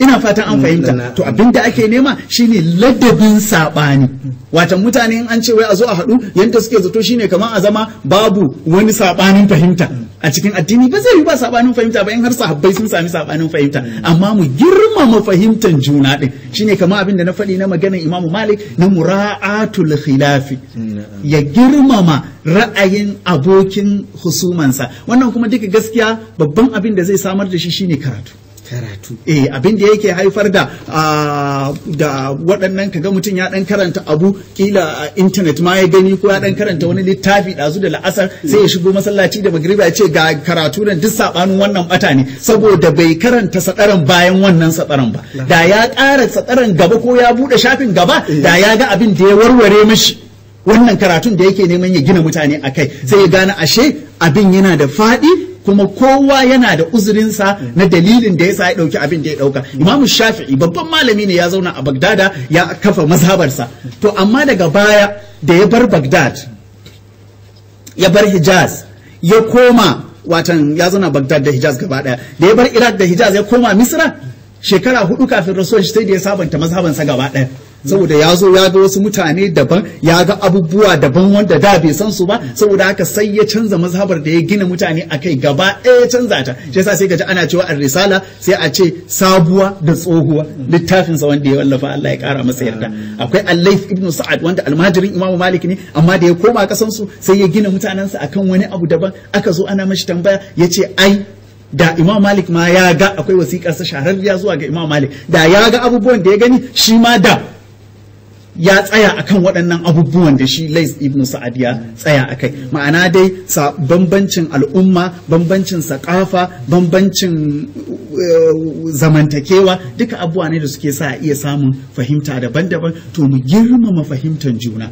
ina fatan an mm, fahimta mm, to mm. abinda ake nema shine ladabin sabani wato mutane in an ce wai a zo a haɗu yanda suke zato shine kamar a zama babu wani sabanin fahimta a cikin addini ba zai yi ba sabanin fahimta ba in har sahabbai sun sami sabanin fahimta amma mu girmama fahimtan juna din shine kamar abin da na faɗi na maganar Imam Malik na mura'atul khilafi ya girmama ra'ayin abokin husumansa wannan kuma duka gaskiya babban abin da zai samar da shi shine karatu karatu eh abin da yake haifar da da waɗannan kaga mutum ya ɗan karanta abu kila a intanet ma ya gani ko ya ɗan karanta wani littafi ɗazu da la'asar sai ya shigo masallaci da magriba ya ce ga karatu nan duk sabanin wannan bata ne saboda bai karanta sadaran bayan wannan sadaran ba da ya ƙara sadaran gaba ko ya buɗe shafin gaba da ya ga abin da ya warware mashi wannan karatun da yake neman ya gina mutane a kai sai ya gane ashe abin yana da faɗi kuma kowa yana da uzurinsa na dalilin da ya sa ya ɗauki abin da ya ɗauka. imamu shafi'i babban malami ne ya zauna a bagdada ya kafa mazhabarsa to amma daga baya da ya bar bagdad ya bar hijaz ya koma watan ya zauna bagdad da hijaz gaba daya da ya bar iraq da hijaz ya koma misra shekara hudu kafin rasuwar shi sai da ya sabanta mazhabansa gaba daya saboda ya zo ya ga wasu mutane daban ya ga abubuwa daban wanda da bai san su ba saboda haka sai ya canza mazhabar da ya gina mutane a kai gaba ɗaya canza ta shi yasa sai ka ji ana cewa a risala sai a ce sabuwa da tsohuwa littafin sa wanda ya wallafa Allah ya kara masa yarda akwai Al-Layth ibn Sa'ad wanda almajirin Imam Malik ne amma da ya koma kasan su sai ya gina mutanen sa akan wani abu daban aka zo ana mashi tambaya Ya ce ai da imam malik ma ya ga akwai wasiƙarsa shahararriya zuwa ga imam malik da ya ga abubuwan da ya gani shi ma da ya tsaya akan waɗannan abubuwan da shi lais ibn sa'ad ya tsaya akai ma'ana dai sa bambancin al'umma bambancin saƙafa bambancin eh, zamantakewa duka abubuwa ne da suke sa iya samun fahimta daban-daban to mu girmama fahimtar juna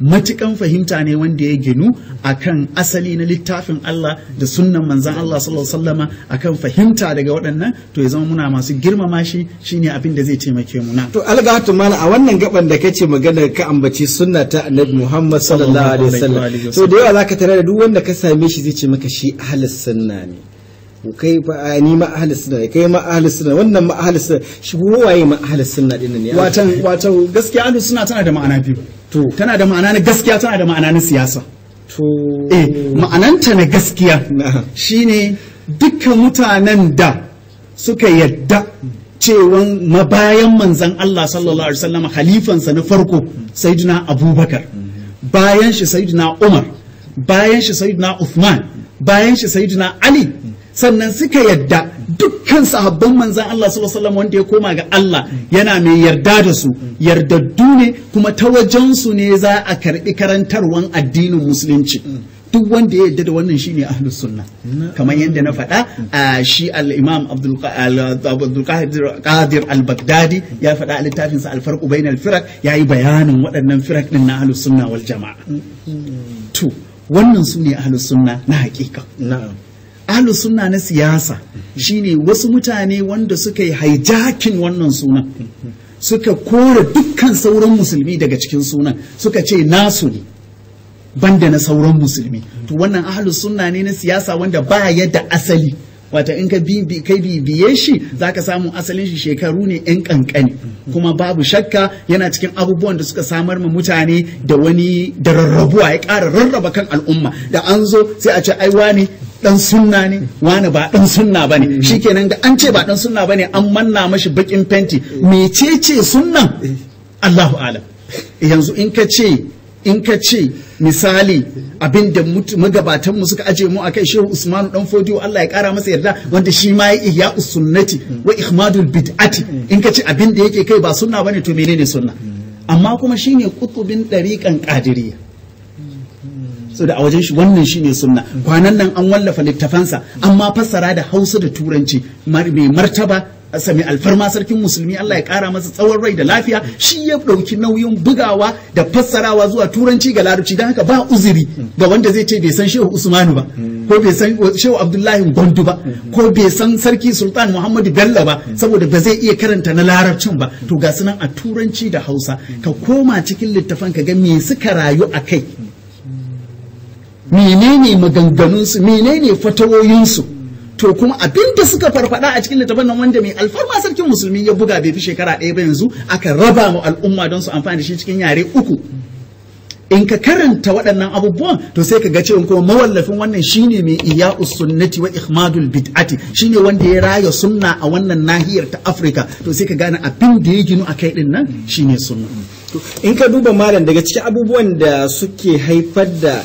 matukan fahimta ne wanda ya ginu akan asali na littafin Allah da sunnan manzan Allah sallallahu alaihi wasallama akan fahimta daga waɗannan to ya zama muna masu girmama shi shine abin da zai taimake mu na to algatu mala a wannan gaban da kace magana ka ambaci sunna ta Annabi Muhammad sallallahu alaihi wasallam to da yawa zaka tare da duk wanda ka same shi zai ce maka shi ahlus sunna ne kai fa ni ma ahli sunna kai ma ahli sunna wannan ma ahli sunna shi waye ma ahli sunna din ne watan watan gaskiya ahli sunna tana da ma'ana biyu to tana da ma'ana na gaskiya tana da ma'ana na siyasa to eh ma'ananta na gaskiya shine dukkan mutanen da suka yadda cewan mabayan manzan Allah sallallahu alaihi wasallam sa na farko sayyidina Abubakar bayan shi sayyidina Umar bayan shi sayyidina Uthman bayan shi sayyidina Ali sannan suka yadda dukkan sahabban manzan Allah sallallahu alaihi wanda ya koma ga Allah yana mai yarda da su yardaddu ne kuma ta wajen su ne za a karbi karantarwan addinin musulunci duk wanda ya yadda da wannan shine ahlus sunna kamar yadda na faɗa a shi al-imam abdul qadir al-baghdadi ya faɗa a littafinsa al-farqu bainal ya yi bayanin waɗannan firak din na ahlus sunna wal jama'a to wannan su ne ahlus sunna na haƙiƙa ahlus sunna na siyasa shine wasu mutane wanda suka yi hijacking wannan sunan suka kore dukkan sauran musulmi daga cikin sunan suka ce nasu ne banda na sauran musulmi to wannan ahlus sunna ne na siyasa wanda ba ya da asali wata in ka bibiye shi za ka samu asalin shi shekaru ne yan kankani kuma babu shakka yana cikin abubuwan da suka samar ma mutane da wani da rarrabuwa ya kara rarraba kan al'umma da an zo sai a ce ai wani dan sunna ne wani ba dan sunna bane mm. Shi kenan da an ce ba dan sunna bane an manna mashi bakin fenti mecece sunnan eh. Allahu alam eh. yanzu in ka ce in ka ce misali abinda da suka aje mu akai shehu usmanu dan fodiyo Allah ya kara masa yarda wanda shi ma ya ihya usunnati wa ihmadul bid'ati in ka ce abin da yake kai ba sunna bane to menene sunna amma kuma shine kutubin dariqan qadiriyya so da a wajen shi wannan shine sunna kwanan nan an wallafa littafansa amma fassara da Hausa da Turanci mai martaba sami alfarma sarkin musulmi Allah ya kara masa tsawon rai da lafiya shi ya ɗauki nauyin bugawa da fassarawa zuwa turanci ga larabci don haka ba uzuri ga wanda zai ce bai san shehu usmanu ba ko bai san shehu abdullahi gwandu ba ko bai san sarki sultan muhammadu bello ba saboda ba zai iya karanta na larabcin ba to ga sunan a turanci da hausa ka koma cikin littafan ka ga me suka rayu a kai menene maganganunsu menene fatawoyinsu to kuma abinda suka farfada a cikin littafin nan wanda mai alfarma sarkin musulmi ya buga bai fi shekara ɗaya ba yanzu aka raba mu al'umma don su amfani da shi cikin yare uku in ka karanta waɗannan abubuwan to sai ka ga cewa kuma mawallafin wannan shine mai iya sunnati wa ihmadul bid'ati shine wanda ya raya sunna a wannan nahiyar ta Afirka to sai ka gane abin da ya ginu a kai din nan shine sunna in ka duba malam daga cikin abubuwan da suke haifar da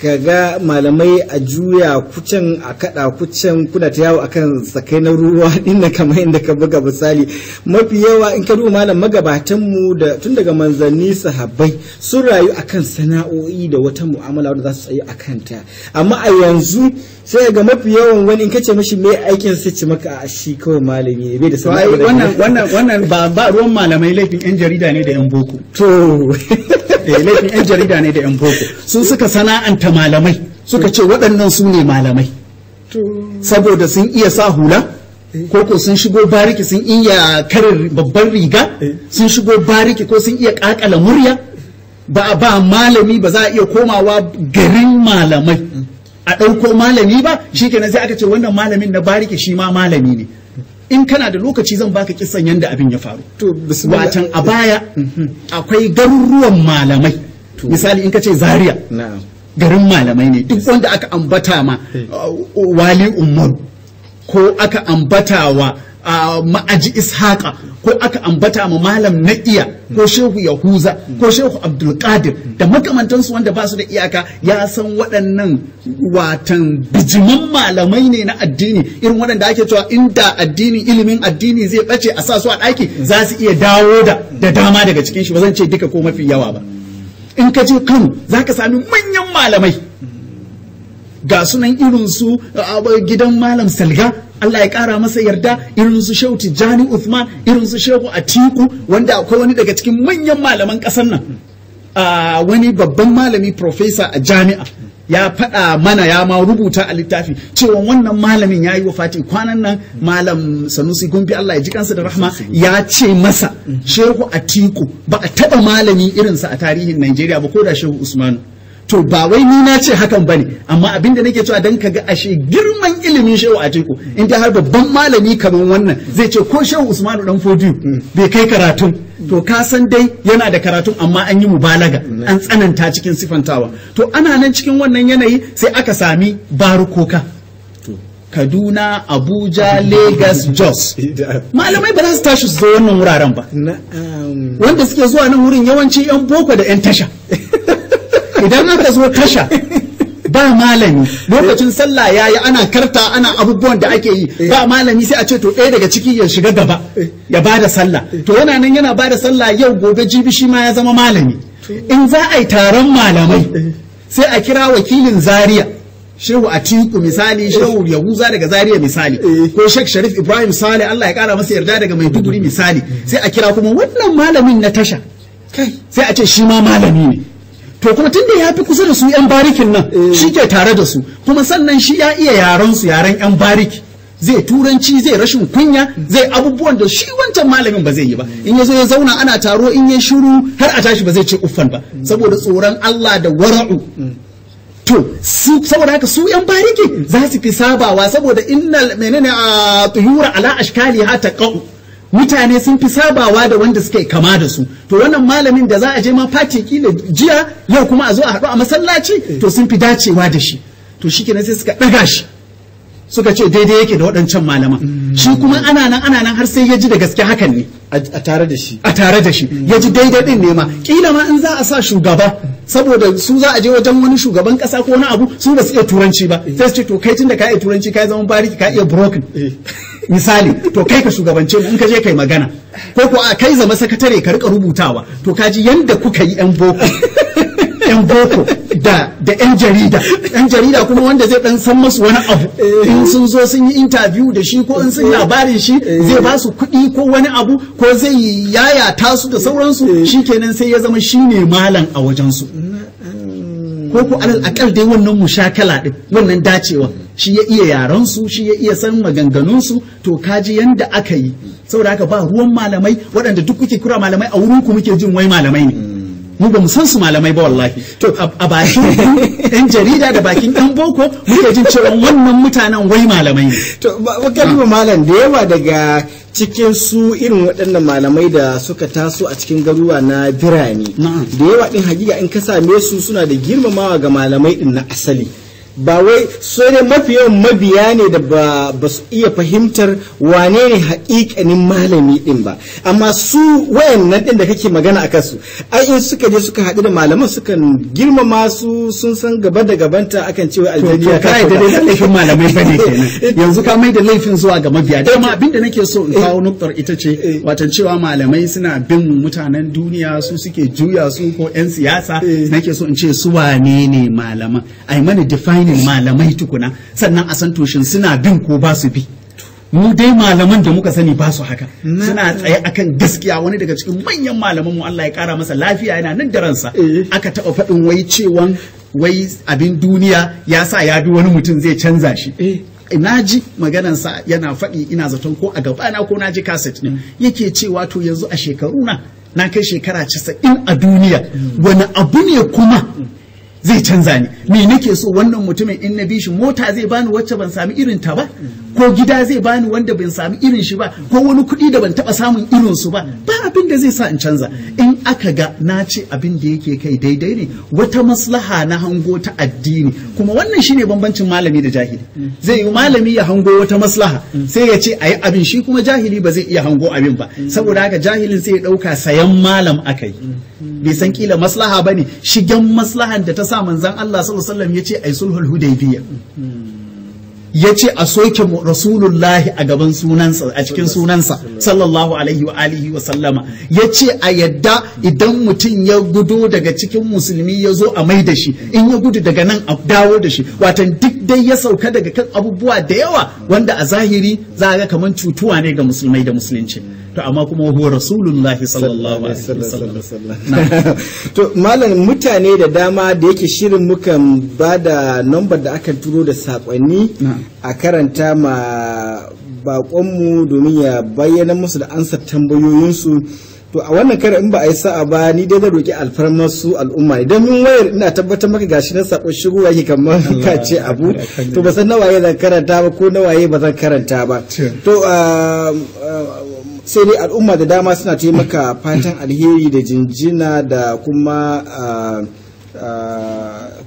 ka ga malamai a juya kucin a kada kucin kuna ta yawo akan sakai na ruwa din na kamar inda ka buga misali mafi yawa in ka duba malam magabatan mu da tun daga manzanni sahabbai sun rayu akan sana'o'i da wata mu'amala wanda za su tsayi akan ta amma a yanzu sai ga mafi yawan wani in kace mashi me aikin sai ci maka a shi kawai malami ne bai da sana'o'i wannan wannan wannan ba ba ruwan malamai laifin yan jarida ne da yan boko to Eh, laifin yan jarida ne da yan boko Sun suka sana'anta malamai suka ce waɗannan su ne malamai saboda sun iya sa hula eh. ko ko sun shigo bariki sun iya karin babban riga eh. sun shigo bariki ko sun iya kakala murya ba a ba malami ba za a iya komawa garin malamai a ɗauko malami ba shi kenan sai aka ce wannan malamin na bariki shi ma malami ne in kana da lokaci zan baka kisan yadda abin ya faru watan a baya mhm, akwai garuruwan malamai misali in ka ce zaria garin malamai ne duk wanda aka ambata ma eh. uh, wali umaru ko aka ambata wa ma'aji ishaqa ko aka ambata ma malam na iya ko shehu yahuza ko shehu abdulkadir da makamantansu wanda ba su da iyaka ya san waɗannan watan bijiman malamai ne na addini irin waɗanda ake cewa inda addini ilimin addini zai ɓace a sa su a ɗaki za su iya dawo da da dama daga cikin shi ba zan ce duka ko mafi yawa ba in ka je kano za ka sami manyan malamai ga sunan irin su gidan malam salga Allah ya kara masa yarda irin su Shehu Tijjani Uthman irin su Shehu Atiku wanda akwai wani daga cikin manyan malaman ƙasar nan wani babban malami profesa a jami'a ya faɗa mana ya ma rubuta a littafi cewa wannan malamin ya yi wa fati kwanan nan malam sanusi gumbi Allah ya ji kansa da rahma ya ce masa shehu atiku ba a taɓa malami irinsa a tarihin Najeriya ba ko da shehu usmanu to ba wai ni na ce hakan bane amma abin da nake cewa dan kaga ashe girman ilimin shehu a teku in dai har babban malami kaman wannan zai ce ko shehu usmanu dan fodiu bai kai karatun to ka san dai yana da karatun amma an yi mubalaga an tsananta cikin sifantawa to ana nan cikin wannan yanayi sai aka sami barukoka Kaduna, Abuja, Lagos, Jos. Malamai ba za su tashi su zo wannan wuraren ba. Wanda suke zuwa nan wurin yawanci 'yan boko da 'yan tasha. idan aka zo tasha ba malami lokacin sallah ya yi ana karta ana abubuwan da ake yi ba malami sai a ce to ɗaya daga ciki ya shiga gaba ya ba da sallah to yana nan yana ba da sallah yau gobe jibi shi ma ya zama malami in za a yi taron malamai sai a kira wakilin zaria shehu atiku misali shehu yahuza daga zaria misali ko shek sharif ibrahim sale allah ya kara masa yarda daga maiduguri misali sai a kira kuma wannan malamin na tasha sai a ce shi ma malami ne to kuma tunda ya fi kusa da su yan barikin nan eh. shi ke tare da su kuma sannan shi ya iya yaran su yaran yan bariki zai turanci zai rashin kunya zai abubuwan da shi wancan malamin ba zai yi ba in ya zo ya zauna ana taro in ya shiru har a tashi ba zai ce uffan ba saboda tsoron Allah da wara'u to saboda haka su yan bariki za su fi sabawa saboda innal menene a tuhura ala ashkali ha taqau mutane sun fi sabawa da wanda suke kama da su to wannan malamin da za a je ma fati kila jiya yau kuma a zo a haɗu a masallaci to sun fi dacewa da shi to shi kenan sai suka ɗaga shi suka ce daidai yake da waɗancan malaman shi kuma ana nan ana nan har sai ya ji da gaske hakan ne a tare da shi a tare da shi ya ji daidai din ne ma kila ma in za a sa shugaba saboda su za a je wajen wani shugaban kasa ko wani abu su ba su iya turanci ba eh. sai su ce to kai tunda ka iya turanci ka zaman bariki ka iya broken eh. misali to kai ka shugabance in ka je kai magana ko ko a kai zama sakatare ka rika rubutawa to kaji yanda kuka yi yan boko ɗan boko da da yan jarida yan jarida kuma wanda zai dan san masu wani abu eh. in sun zo sun yi interview da shi ko in sun eh. labarin shi eh. zai ba su kuɗi ko wani abu ko zai yayata su da sauransu shi kenan sai ya zama shi ne malam a wajensu ko ku alal akal dai wannan mushakala din wannan dacewa shi ya iya yaran su shi ya iya san maganganun su to kaji yanda aka yi saboda haka ba ruwan malamai waɗanda duk kuke kura malamai a wurin ku muke jin wai malamai ne mu ba mu san su malamai ba wallahi to a bakin yan jarida da bakin ɗan boko muke jin cewa wannan mutanen wai malamai ne to ba malam da yawa daga cikin su irin waɗannan malamai da suka taso a cikin garuwa na birane da yawa din hakika in ka same su suna da girmamawa ga malamai din na asali ba wai so dai mafi yawan mabiya ne da ba su iya fahimtar wane ne haƙiƙanin malami din ba amma su wayannan ɗin da kake magana a kansu ai in suka je suka haɗu da malaman suka girmama su sun san gaba da gabanta akan cewa aljaniya ka da laifin malamai bane kenan yanzu ka mai da laifin zuwa ga mabiya eh, dama abinda nake so in eh. kawo nuktar ita ce eh. watan cewa malamai suna bin mutanen duniya su suke juya su ko yan siyasa nake so in ce su wane ne malaman ai mana define sanin malamai tukuna sannan a san toshin suna bin ko ba su bi mu dai malaman da muka sani ba su haka suna tsaye akan gaskiya wani daga cikin manyan malaman mu Allah ya kara masa lafiya yana nan da ransa eh. aka taba faɗin wai cewan wai abin duniya ya sa ya bi wani mutum zai canza shi eh. Eh, na ji maganansa yana faɗi ina zaton ko a gabana ko na ji kaset ɗin mm. yake cewa to yanzu a shekaru na na kai shekara casa'in a duniya mm. wani abu ne kuma mm. zai canza ni me nake so wannan mutumin in na bi shi mota zai bani wacce ban sami irin ta ba ko gida zai bani wanda ban sami irin shi ba ko wani kuɗi da ban taɓa samun irin su ba ba abin da zai sa in canza in aka ga na ce abin da yake kai daidai ne wata maslaha na hango ta addini kuma wannan shine bambancin malami da jahili zai yi malami ya hango wata maslaha sai ya ce ayi abin shi kuma jahili ba zai iya hango abin ba saboda haka jahilin sai ya ɗauka sayan malam aka yi bai san kila maslaha bane shigen maslahan da ta sa manzon Allah sallallahu alaihi wasallam ya ce ai sulhul hudaybiyya ya ce a soke rasulullahi a gaban sunansa a cikin sunansa sallallahu alaihi wa alihi wa sallama ya ce a yadda idan mutum ya gudo daga cikin musulmi ya zo a mai da shi in ya gudu daga nan a dawo da shi watan duk dai ya sauka daga kan abubuwa da yawa wanda a zahiri za a ga kamar cutuwa ne ga musulmai da musulunci to amma kuma huwa rasulullahi sallallahu alaihi wasallam to malam mutane da dama da yake shirin mukan ba da da aka turo da sakonni a karanta ma baƙonmu domin ya bayyana musu da ansar tambayoyinsu to a wannan kare in ba a yi sa'a ba ni dai zan roki alfarmar su al'umma idan min wayar ina tabbatar maka gashi na sako shigo yake kamar ka ce abu to ba san nawaye zan karanta ba ko nawaye ba zan karanta ba to ah, ah, sai dai al'umma da dama suna taimaka fatan alheri da jinjina da kuma ah,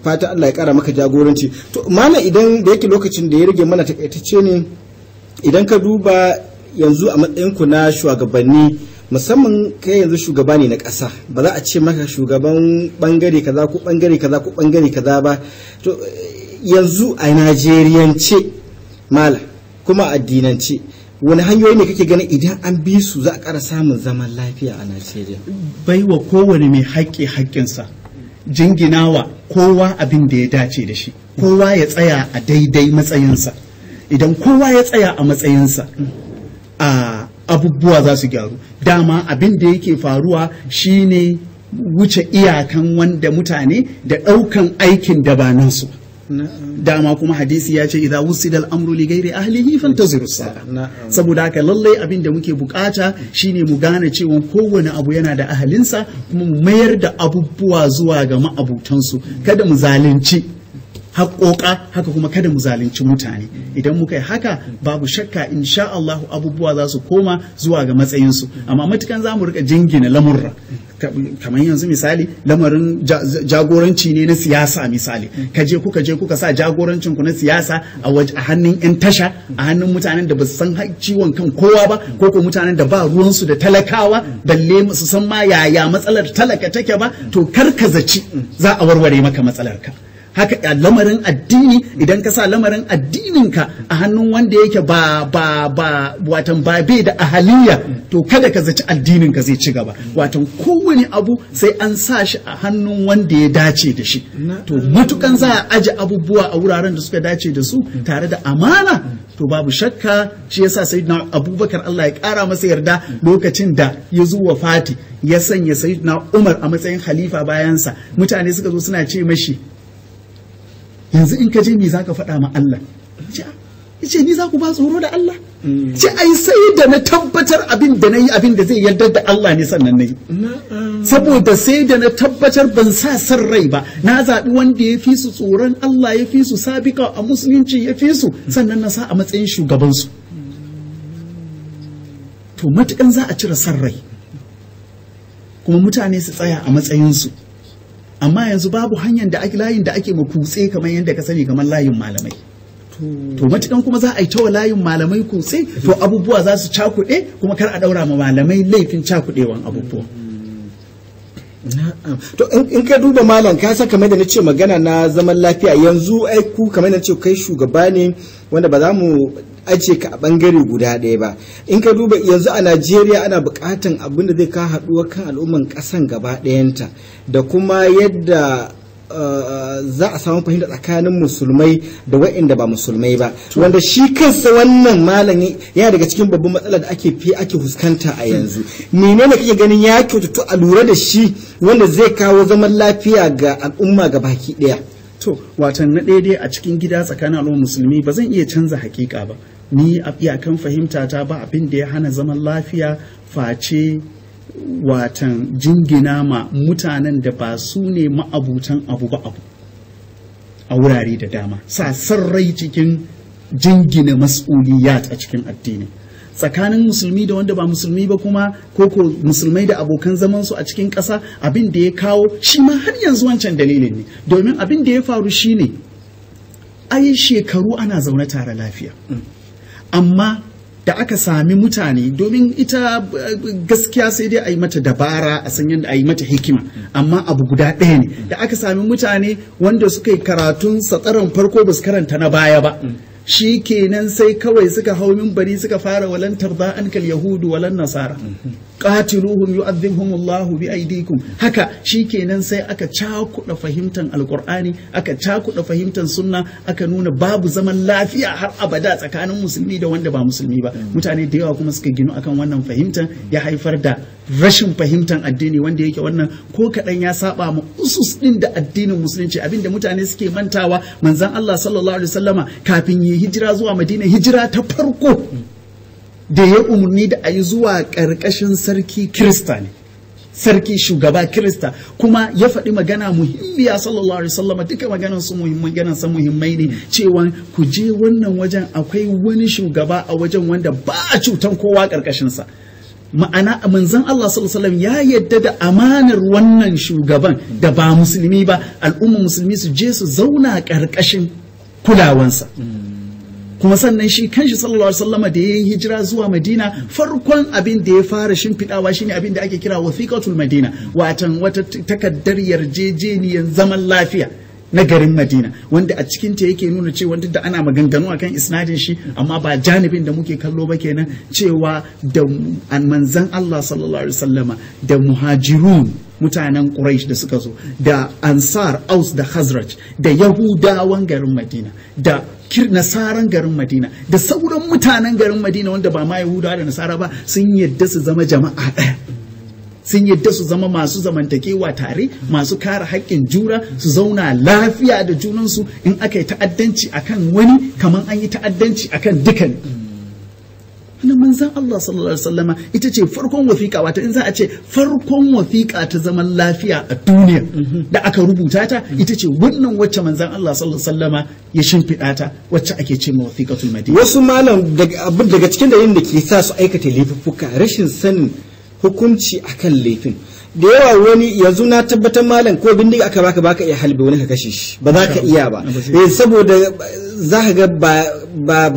fata Allah ya kara maka jagoranci to mana idan da yake lokacin da ya rage mana takaitacce ne idan ka duba yanzu a matsayinku na shugabanni musamman kai yanzu shugaba ne na ƙasa ba za a ce maka shugaban bangare kaza ko bangare kaza ko bangare kaza ba to yanzu a najeriyance mala kuma addinance wani hanyoyi ne kake ganin idan an bi su za a ƙara samun zaman lafiya a najeriya baiwa kowane mai haƙƙi haƙƙinsa jinginawa kowa abin da ya dace da shi kowa ya tsaya a daidai matsayinsa idan kowa ya tsaya a matsayinsa a abubuwa za su gyaru dama abin da yake faruwa shine wuce iyakan wanda mutane da ɗaukan aikin da ba nasu dama kuma hadisi ya ce idza wusida al-amru li ghairi ahlihi fantaziru sa'a um, saboda haka lallai abin da muke bukata shine mu gane cewa kowane abu yana da ahalinsa kuma mu mayar da abubuwa zuwa ga ma'abutansu kada mu zalunci haƙoƙa haka kuma kada mu zalunci mutane idan muka yi haka babu shakka insha Allah abubuwa za su koma zuwa ga matsayinsu amma matukan za mu rika jingina lamurra kamar yanzu misali lamarin jagoranci ne na siyasa misali ka je kuka je kuka sa jagorancin ku na siyasa a hannun yan tasha a hannun mutanen da ba su san ciwon kan kowa ba ko ko mutanen da ba ruwan su da talakawa balle su san ma yaya matsalar talaka take ba to kar ka zaci za a warware maka matsalar ka haka eh, lamarin addini idan ka sa lamarin addininka a hannun wanda yake ba ba ba watan ba bai da ahaliya to kada ka zaci addininka zai ci gaba watan kowane abu sai an sa shi a hannun wanda ya dace da shi to matukan za a aje abubuwa a wuraren da suka dace da su tare da amana to babu shakka shi yasa sayyidina abubakar Allah ya kara masa yarda lokacin da ya zuwa fati ya sanya sayyidina umar a matsayin halifa bayansa mutane suka zo suna ce mashi yanzu in ka je me ka faɗa ma Allah ce ni za ku ba tsoro da Allah mm. ce ai sai da na tabbatar abin da na yi abin da zai yarda da Allah ne sannan na yi. saboda sai da na tabbatar ban sa san rai ba na zaɓi wanda ya fi su tsoron Allah ya fi su sabika a musulunci ya fi su sannan na sa a matsayin shugabansu to matukan za a cire san rai kuma mutane su tsaya a matsayin su amma yanzu babu hanyar da ake layin da ake makutse kamar yadda ka sani kamar layin malamai to matukan kuma za a yi wa layin malamai kutse to abubuwa za su cakuɗe kuma kar a ɗaura ma malamai laifin cakuɗewan abubuwa to in ka duba malam ka san kamar da na ce magana na zaman lafiya yanzu ai ku kamar da ce kai shugaba ne wanda ba za mu ajiye ka a bangare guda ɗaya ba in ka duba yanzu a najeriya ana buƙatan abin da zai ka haɗuwa kan al'umman ƙasan gaba ɗayanta da kuma yadda za a samu fahimta tsakanin musulmai da waɗanda ba musulmai ba wanda shi kansa wannan malami yana daga cikin babban matsala da ake fi ake fuskanta a yanzu menene kake ganin ya kyautatu a lura da shi wanda zai kawo zaman lafiya ga al'umma ga baki ɗaya to watan na daidai a cikin gida tsakanin al'umma musulmi ba zan iya canza hakika ba ni a iyakan fahimta ta ba abin da ya hana zaman lafiya face watan jingina ma mutanen da ba su ne ma'abutan abu ba abu a wurare da dama sassan rai cikin jingina mas'uliyat a cikin addini tsakanin musulmi da wanda ba musulmi ba kuma koko musulmai da abokan zaman su a cikin ƙasa abin da ya kawo shi ma har yanzu wancan dalilin ne domin abin da ya faru shine ai shekaru ana zaune tare lafiya amma da aka sami mutane domin ita eh, gaskiya sai dai a yi mata dabara a san yadda a yi mata hikima amma abu guda ɗaya ne da aka sami mutane wanda suka yi karatun satsaran farko ba su karanta na baya ba mm. shi kenan sai kawai suka hau mimbari suka fara walantar kal yahudu walan nasara mm-hmm. qatiluhum yu'adhibhum Allah bi aydikum haka shikenan sai aka cakuɗa fahimtar alqur'ani aka cakuɗa fahimtar sunna aka nuna babu zaman lafiya har abada tsakanin musulmi da wanda ba musulmi ba mutane da yawa kuma suka gino akan wannan fahimtar ya haifar da rashin fahimtar addini wanda yake wannan ko kaɗan ya saba ma usus ɗin da addinin musulunci abinda mutane suke mantawa manzan Allah sallallahu alaihi wasallama kafin yi hijira zuwa Madina hijira ta farko da ya umarni da a yi zuwa ƙarƙashin sarki kirista ne sarki shugaba kirista kuma ya faɗi magana muhimmiya sallallahu alaihi wasallam duka maganan su muhimman sa muhimmai ne cewa ku je wannan wajen akwai wani shugaba a wajen wanda ba a cutan kowa ƙarƙashin sa ma'ana manzon Allah sallallahu ya yadda da amanar wannan shugaban da ba musulmi ba al'umma musulmi su je su zauna ƙarƙashin kulawansa kuma sannan shi kanshi sallallahu alaihi wasallama da ya yi hijira zuwa madina farkon abin da ya fara shimfiɗawa shine abin da ake kira wasiqatul madina watan wata takaddar yarjejeniyar zaman lafiya na garin madina wanda a cikin ta yake nuna cewa duk da ana maganganu akan isnadin shi amma ba janibin da muke kallo ba kenan cewa da manzan Allah sallallahu alaihi wasallama da muhajirun mutanen Quraysh da suka zo da Ansar Aus da Khazraj da Yahudawan garin Madina da nasaran garin madina da sauran mutanen garin madina wanda ba ma yahudawa da nasara ba sun yadda su zama jama'a ɗaya sun yadda su zama masu zamantakewa tare masu kare haƙƙin jura su zauna lafiya da junansu in aka yi ta'addanci akan wani kamar an yi ta'addanci akan dukkan na manzan Allah sallallahu alaihi wasallama ita ce farkon wasiƙa wata in za a ce farkon wasiƙa ta zaman lafiya a duniya da aka rubuta ta ita ce wannan wacce manzan Allah sallallahu alaihi wasallama ya shimfiɗa ta wacce ake ce ma wasiƙatul madina wasu malam abin daga cikin da yin da ke sa su aikata laifuffuka rashin sanin hukunci akan laifin da yawa wani yanzu na tabbatar malam ko bindiga aka baka baka iya halbe wani ka kashe shi ba za ka iya ba eh saboda za ka ga ba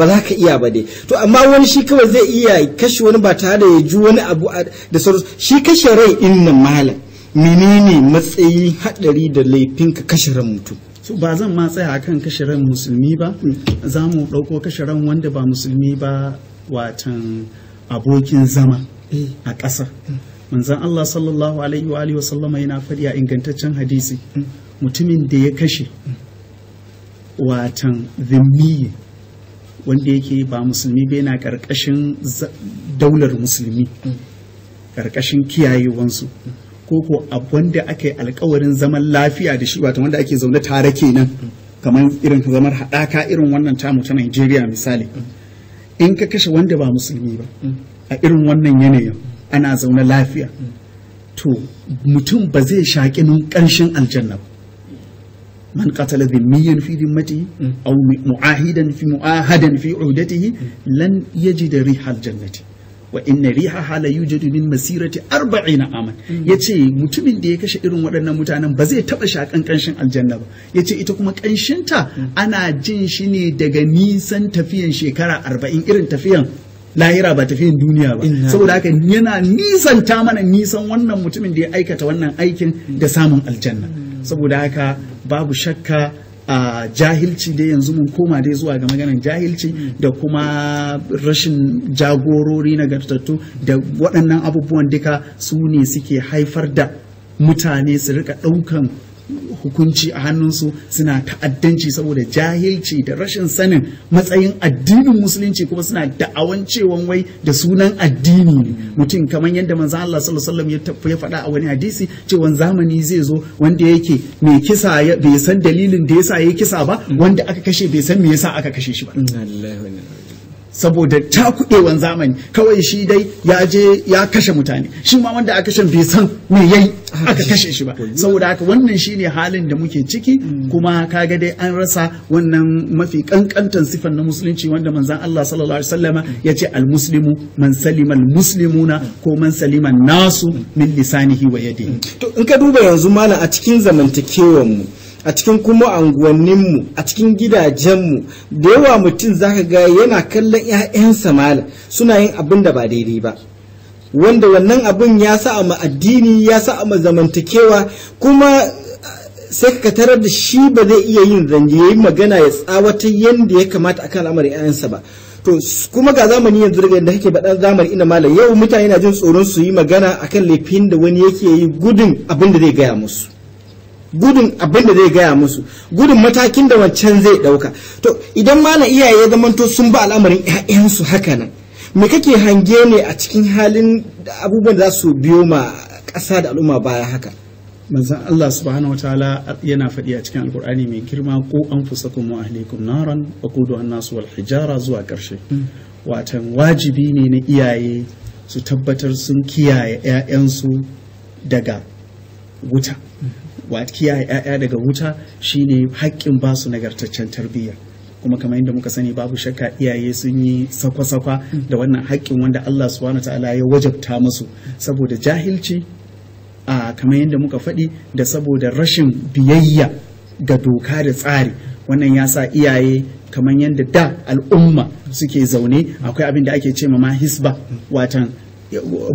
za ka iya ba dai to amma wani shi kawai zai iya kashe wani ba tare da ya ji wani abu da sauran shi kashe rai in nan malam menene matsayi hadari da laifin ka kashe ran mutum so ba zan ma tsaya akan kashe ran musulmi ba za mu ɗauko kashe ran wanda ba musulmi ba watan abokin zama eh. a ƙasa manzon Allah sallallahu alaihi wa alihi wasallama yana faɗi a ingantaccen hadisi mutumin da ya kashe watan zimmiye wanda yake ba musulmi ba yana ƙarƙashin daular musulmi ƙarƙashin kiyayewansu ko ko wanda aka yi alkawarin zaman lafiya da shi wata wanda ake zaune tare kenan kamar irin zamar haɗaka irin wannan tamu ta Najeriya misali in ka kashe wanda ba musulmi ba a irin wannan yanayin ana zaune lafiya to mutum ba zai shaƙi nun ƙarshen aljanna ba man qatala miyan fi mati, mm. aw mu'ahidan fi mu'ahadan fi udatihi mm. lan yajida riha aljannati. wa inna riha la yujadu min masirati 40 aman mm. yace mutumin da ya kashe irin waɗannan mutanen ba zai taɓa shakan ƙanshin aljanna ba yace ita kuma ƙanshinta ana jin shi ne daga nisan tafiyan shekara arba'in irin tafiyan lahira ba yin duniya ba saboda haka yana nisan ta mana nisan wannan mutumin da ya aikata wannan aikin da samun aljanna saboda haka babu shakka a jahilci dai yanzu mun koma dai zuwa ga maganar jahilci da kuma rashin jagorori na gatattu da waɗannan abubuwan duka su ne suke haifar da mutane su rika ɗaukan hukunci a hannunsu suna ta'addanci saboda jahilci da rashin sanin matsayin addinin musulunci kuma suna da'awan cewan wai da sunan addini ne mutum kamar yadda manzo Allah sallallahu alaihi wasallam ya faɗa a wani hadisi cewa zamani zai zo wanda yake mai kisa bai san dalilin da yasa yayi kisa ba wanda aka kashe bai san me yasa aka kashe shi ba saboda takuɗewan zamani kawai shi dai ya je ya kashe mutane shi ma wanda aka shan bai san me yayi aka ah, kashe shi ba saboda haka wannan shine halin da muke ciki mm. kuma kaga dai an rasa wannan mafi kankantan sifan na musulunci wanda manzon Allah sallallahu alaihi wasallama yace al muslimu man salima al muslimuna ko man salima nasu min lisanihi wa yadihi to in ka duba yanzu malam a cikin zamantakewan mu a cikin kuma anguwanninmu a cikin gidajenmu da yawa mutum zaka ga yana kallon 'ya'yansa malam suna yin abin da ba daidai ba wanda wannan abin ya sa a addini ya sa a zamantakewa kuma eh, sai ka tarar da shi ba zai iya yin zange ya yi magana ya tsawata yadda ya kamata akan al'amarin 'ya'yansa ba to kuma ga zamani yanzu daga yadda kake baɗan zamani ina malam yau mutane na jin tsoron su yi magana akan laifin da wani yake yi gudun abin da zai gaya musu gudun abin da zai gaya musu gudun matakin da wancan zai ɗauka to idan malam iyaye ya zamanto sun ba al'amarin 'ya'yansu haka nan me kake hange ne a cikin halin abubuwan da za su biyo ma ƙasa da al'umma baya haka manzan Allah subhanahu wa ta'ala yana faɗi a cikin alkur'ani mai girma ko an fusakum wa ahlikum naran wa qudu an-nasu wal hijara zuwa ƙarshe hmm. watan wajibi ne na iyaye su tabbatar sun kiyaye 'ya'yansu daga wuta hmm. wa kiyaye 'ya'ya daga wuta shine haƙƙin ba su nagartaccen tarbiyya kuma kamar yadda muka sani babu shakka iyaye sun yi sakwa-sakwa da wannan haƙƙin wanda Allah subhanahu ta'ala ya wajabta musu saboda jahilci a kamar yadda muka faɗi da saboda rashin biyayya ga doka da tsari wannan ya sa iyaye kamar yadda da al'umma suke zaune akwai abin da ake ce ma hisba watan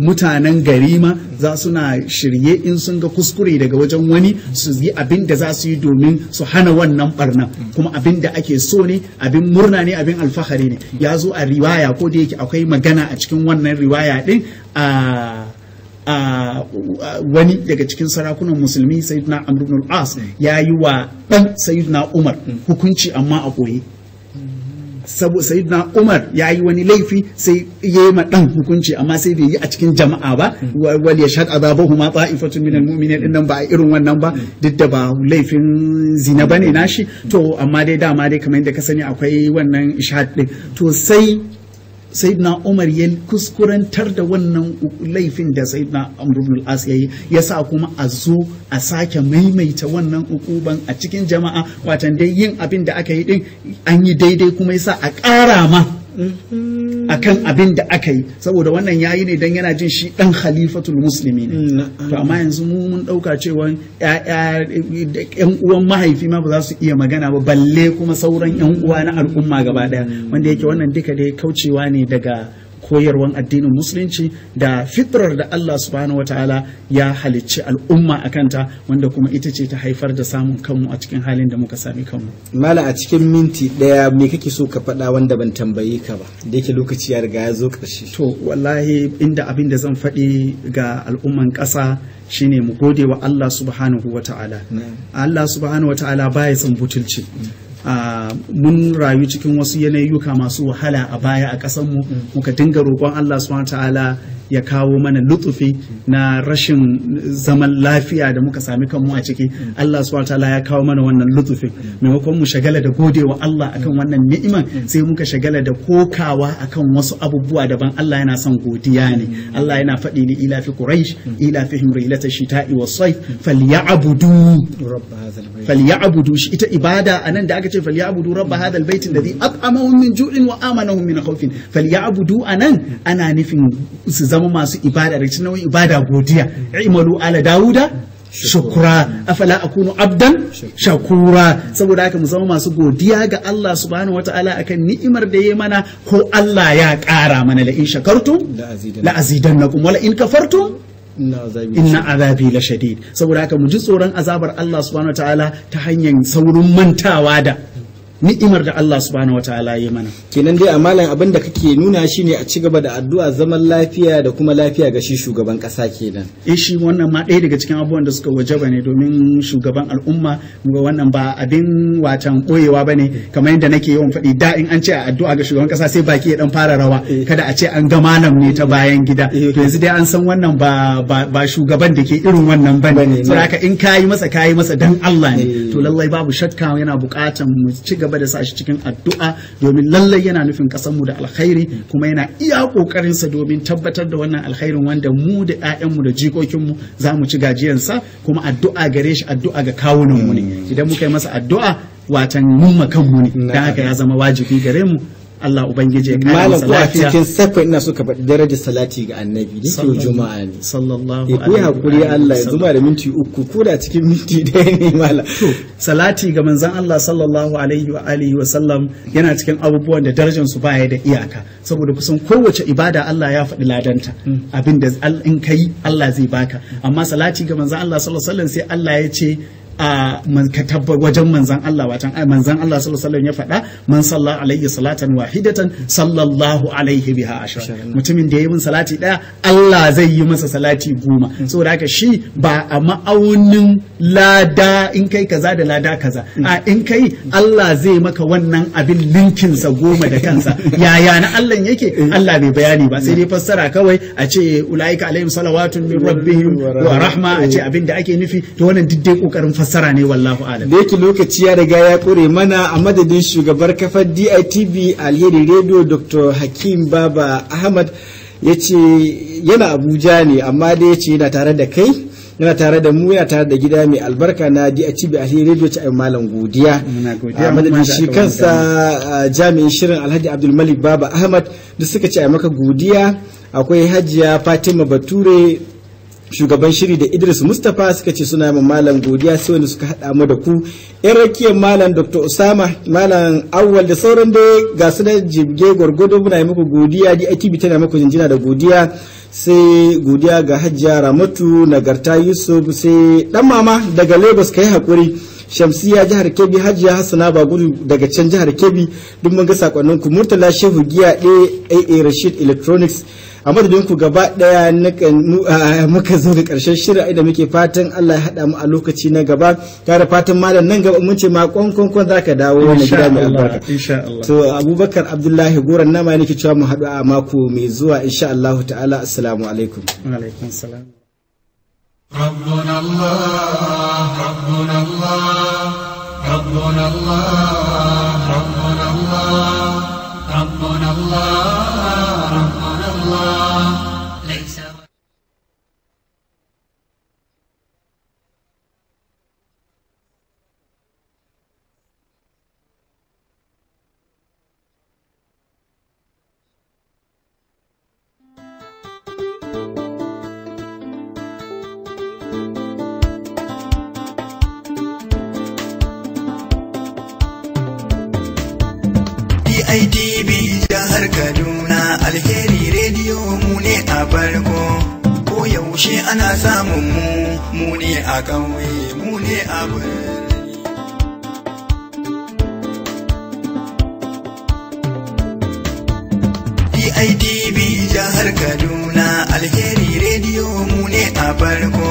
mutanen gari ma za suna shirye in sun ga kuskure daga wajen wani su yi abin da za su yi domin su hana wannan barna kuma abin da ake so ne abin murna ne abin alfahari ne ya zo a riwaya ko da yake akwai magana a cikin wannan riwaya din a wani daga cikin sarakunan musulmi sayyidina amr as ya yi wa dan sayyidina umar hukunci amma a koyi saboda sayyidina Umar ya yi wani laifi sai ya yi dan hukunci amma sai bai yi a cikin jama'a ba wal yashhad adabahuma ta'ifatun minal minan din nan ba irin wannan ba duk da ba laifin zina bane nashi to amma dai dama dai kamar yadda ka sani akwai wannan ishad din to sai saidina umar ya kuskurantar da wannan laifin da saidina amr ibn al-as ya sa kuma a zo a sake maimaita wannan ukuban a cikin jama'a watan dai yin abin da aka yi din an yi daidai kuma ya sa a ƙara ma Mhm. akan abin da aka yi saboda wannan ya yi ne don yana jin shi dan khalifatul musulmi ne mm, to mm. amma yanzu mu mun dauka cewa yan uwan mahaifi ma ba za su iya magana ba balle kuma sauran yan uwa na al'umma gaba daya mm. wanda yake wannan duka dai kaucewa ne daga koyarwan addinin musulunci da fitrar da Allah subhanahu ta'ala ya halicci al'umma a kanta wanda kuma ita ce ta haifar da samun kanmu a cikin halin da muka sami kanmu mala a cikin minti ɗaya me kake so ka faɗa wanda ban tambaye ka ba da yake lokaci ya riga ya zo ƙarshe to wallahi inda abin da zan faɗi ga al'umman ƙasa shine mu gode wa Allah subhanahu ta'ala. Allah subhanahu wataala baya son butulci mm. a ah, mun rayu cikin wasu yanayuka masu wahala a baya a kasanmu muka dinga roƙon Allah subhanahu ta'ala ya kawo mana lutsufi na rashin zaman lafiya da muka sami kanmu a ciki Allah subhanahu ta'ala ya kawo mana wannan lutsufin maimakon mu shagala da godewa Allah akan wannan ni'iman sai muka shagala da kokawa akan wasu abubuwa daban Allah yana son godiya ne Allah yana faɗi ni ila fi quraish ila fi himrilata shita'i was sayf falyabudu falyabudu shi ita ibada anan da aka ce falyabudu rabb hadha albayt alladhi at'amahum min ju'in wa amanahum min khawfin falyabudu anan ana nufin su zama zama masu ibada da cin nau'in ibada godiya i'malu ala Dawuda? shukura afala akunu abdan shakura saboda haka mu zama masu godiya ga Allah subhanahu wataala akan ni'imar da ya mana ko Allah ya ƙara mana la in shakartum la azidannakum wala in kafartum inna azabi la shadid saboda haka mu ji tsoron azabar Allah subhanahu wataala ta hanyar saurin mantawa da ni'imar da Allah subhanahu ta'ala ya mana kenan dai amalan abin da kake nuna shine a ci gaba da addu'a zaman lafiya da kuma lafiya ga shi shugaban kasa kenan eh shi wannan ma ɗaya daga cikin abubuwan da suka wajaba ne domin shugaban al'umma wannan ba abin watan boyewa bane kamar yadda nake yawan faɗi da in an ce a addu'a ga shugaban kasa sai baki ya dan fara rawa eh. kada a ce an ga malam ne ta bayan gida eh. to yanzu dai an san wannan ba ba shugaban da ke irin wannan bane saboda in kayi masa kayi masa dan Allah ne eh. to lallai babu shakka yana buƙatan mu ci gaba da sashi cikin addu'a domin lallai yana nufin ƙasar mu da alkhairi kuma yana iya ƙoƙarinsa domin tabbatar da wannan alkhairin wanda mu da ƴaƴan da jikokin mu za mu ci gajiyansa kuma addu'a gare shi addu'a ga kawunanmu mu ne idan muka yi masa addu'a watan mu kanmu ne dan haka ya zama wajibi gare mu Allah ubangiji ya kare masa lafiya malam ko a cikin safa ina so ka faɗi darajar salati ga annabi ke juma'a ne sallallahu eh, alaihi wa hakuri Allah ya zuma da minti uku ko da cikin minti ɗaya ne malam salati ga manzon Allah sallallahu alaihi wa alihi wa sallam yana cikin abubuwan da darajar su baya da iyaka saboda kusan kowace ibada Allah ya faɗi ladanta hmm. abin da in kai Allah zai baka amma salati ga manzon Allah sallallahu alaihi wa sallam sai Allah ya ce a wajen manzan Allah watan manzan Allah sallallahu ya faɗa man salla alaihi salatan wahidatan sallallahu alaihi biha ashar mutumin da ya yi min salati ɗaya Allah zai yi masa salati goma mm. saboda haka shi ba a ma'aunin lada in kai kaza da lada kaza mm. a in kai Allah zai maka wannan abin linkinsa goma da kansa yaya na Allah yake mm. Allah bai bayani ba sai dai fassara kawai a ce ulaika alaihim salawatun min rabbihim wa rahma a ce abin da ake nufi to wannan duk dai kokarin fassara fassara ne wallahu alam da yake lokaci ya riga ya kure mana a madadin shugabar kafar DITV alheri radio Dr. Hakim Baba Ahmad ya ce yana Abuja ne amma da ya ce yana tare da kai yana tare da mu yana tare da gida mai albarka na DITV alheri radio ci ayi malam godiya a madadin shi kansa jami'in shirin Alhaji Abdulmalik Baba Ahmad da suka ce ayi maka godiya akwai Hajiya Fatima Bature shugaban shiri da idris mustapha suka ce suna ma malam godiya sai wanda suka hada mu da ku yan rakiyar malam dr usama malam awwal da sauran da ga su na jibge gwargwado muna yi muku godiya di atv tana muku jinjina da godiya sai godiya ga hajjiya ramatu nagarta yusuf sai dan mama daga lagos yi hakuri shamsiya jihar kebbi hajiya hassana bagudu daga can jihar kebbi duk mun ga sakonnin murtala shehu giya a rashid electronics a madadin ku gaba daya muka zo da karshen shirin da muke fatan Allah ya haɗa mu a lokaci na gaba tare fatan malam nan gaba mun ce ma kwankwankwan za ka dawo wani gida mai albarka to abubakar abdullahi goran nama ne ke cewa mu haɗu a mako mai zuwa insha Allah ta'ala assalamu alaikum ربنا الله ربنا الله ربنا الله ربنا الله ربنا الله biyo mu ne a farko ko yaushe ana samun mu mu ne a ƙauye mu ne a jihar Kaduna alheri rediyo mu ne a farko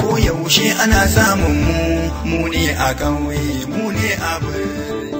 ko yaushe ana samun mu mu ne a ƙauye mu ne a birni e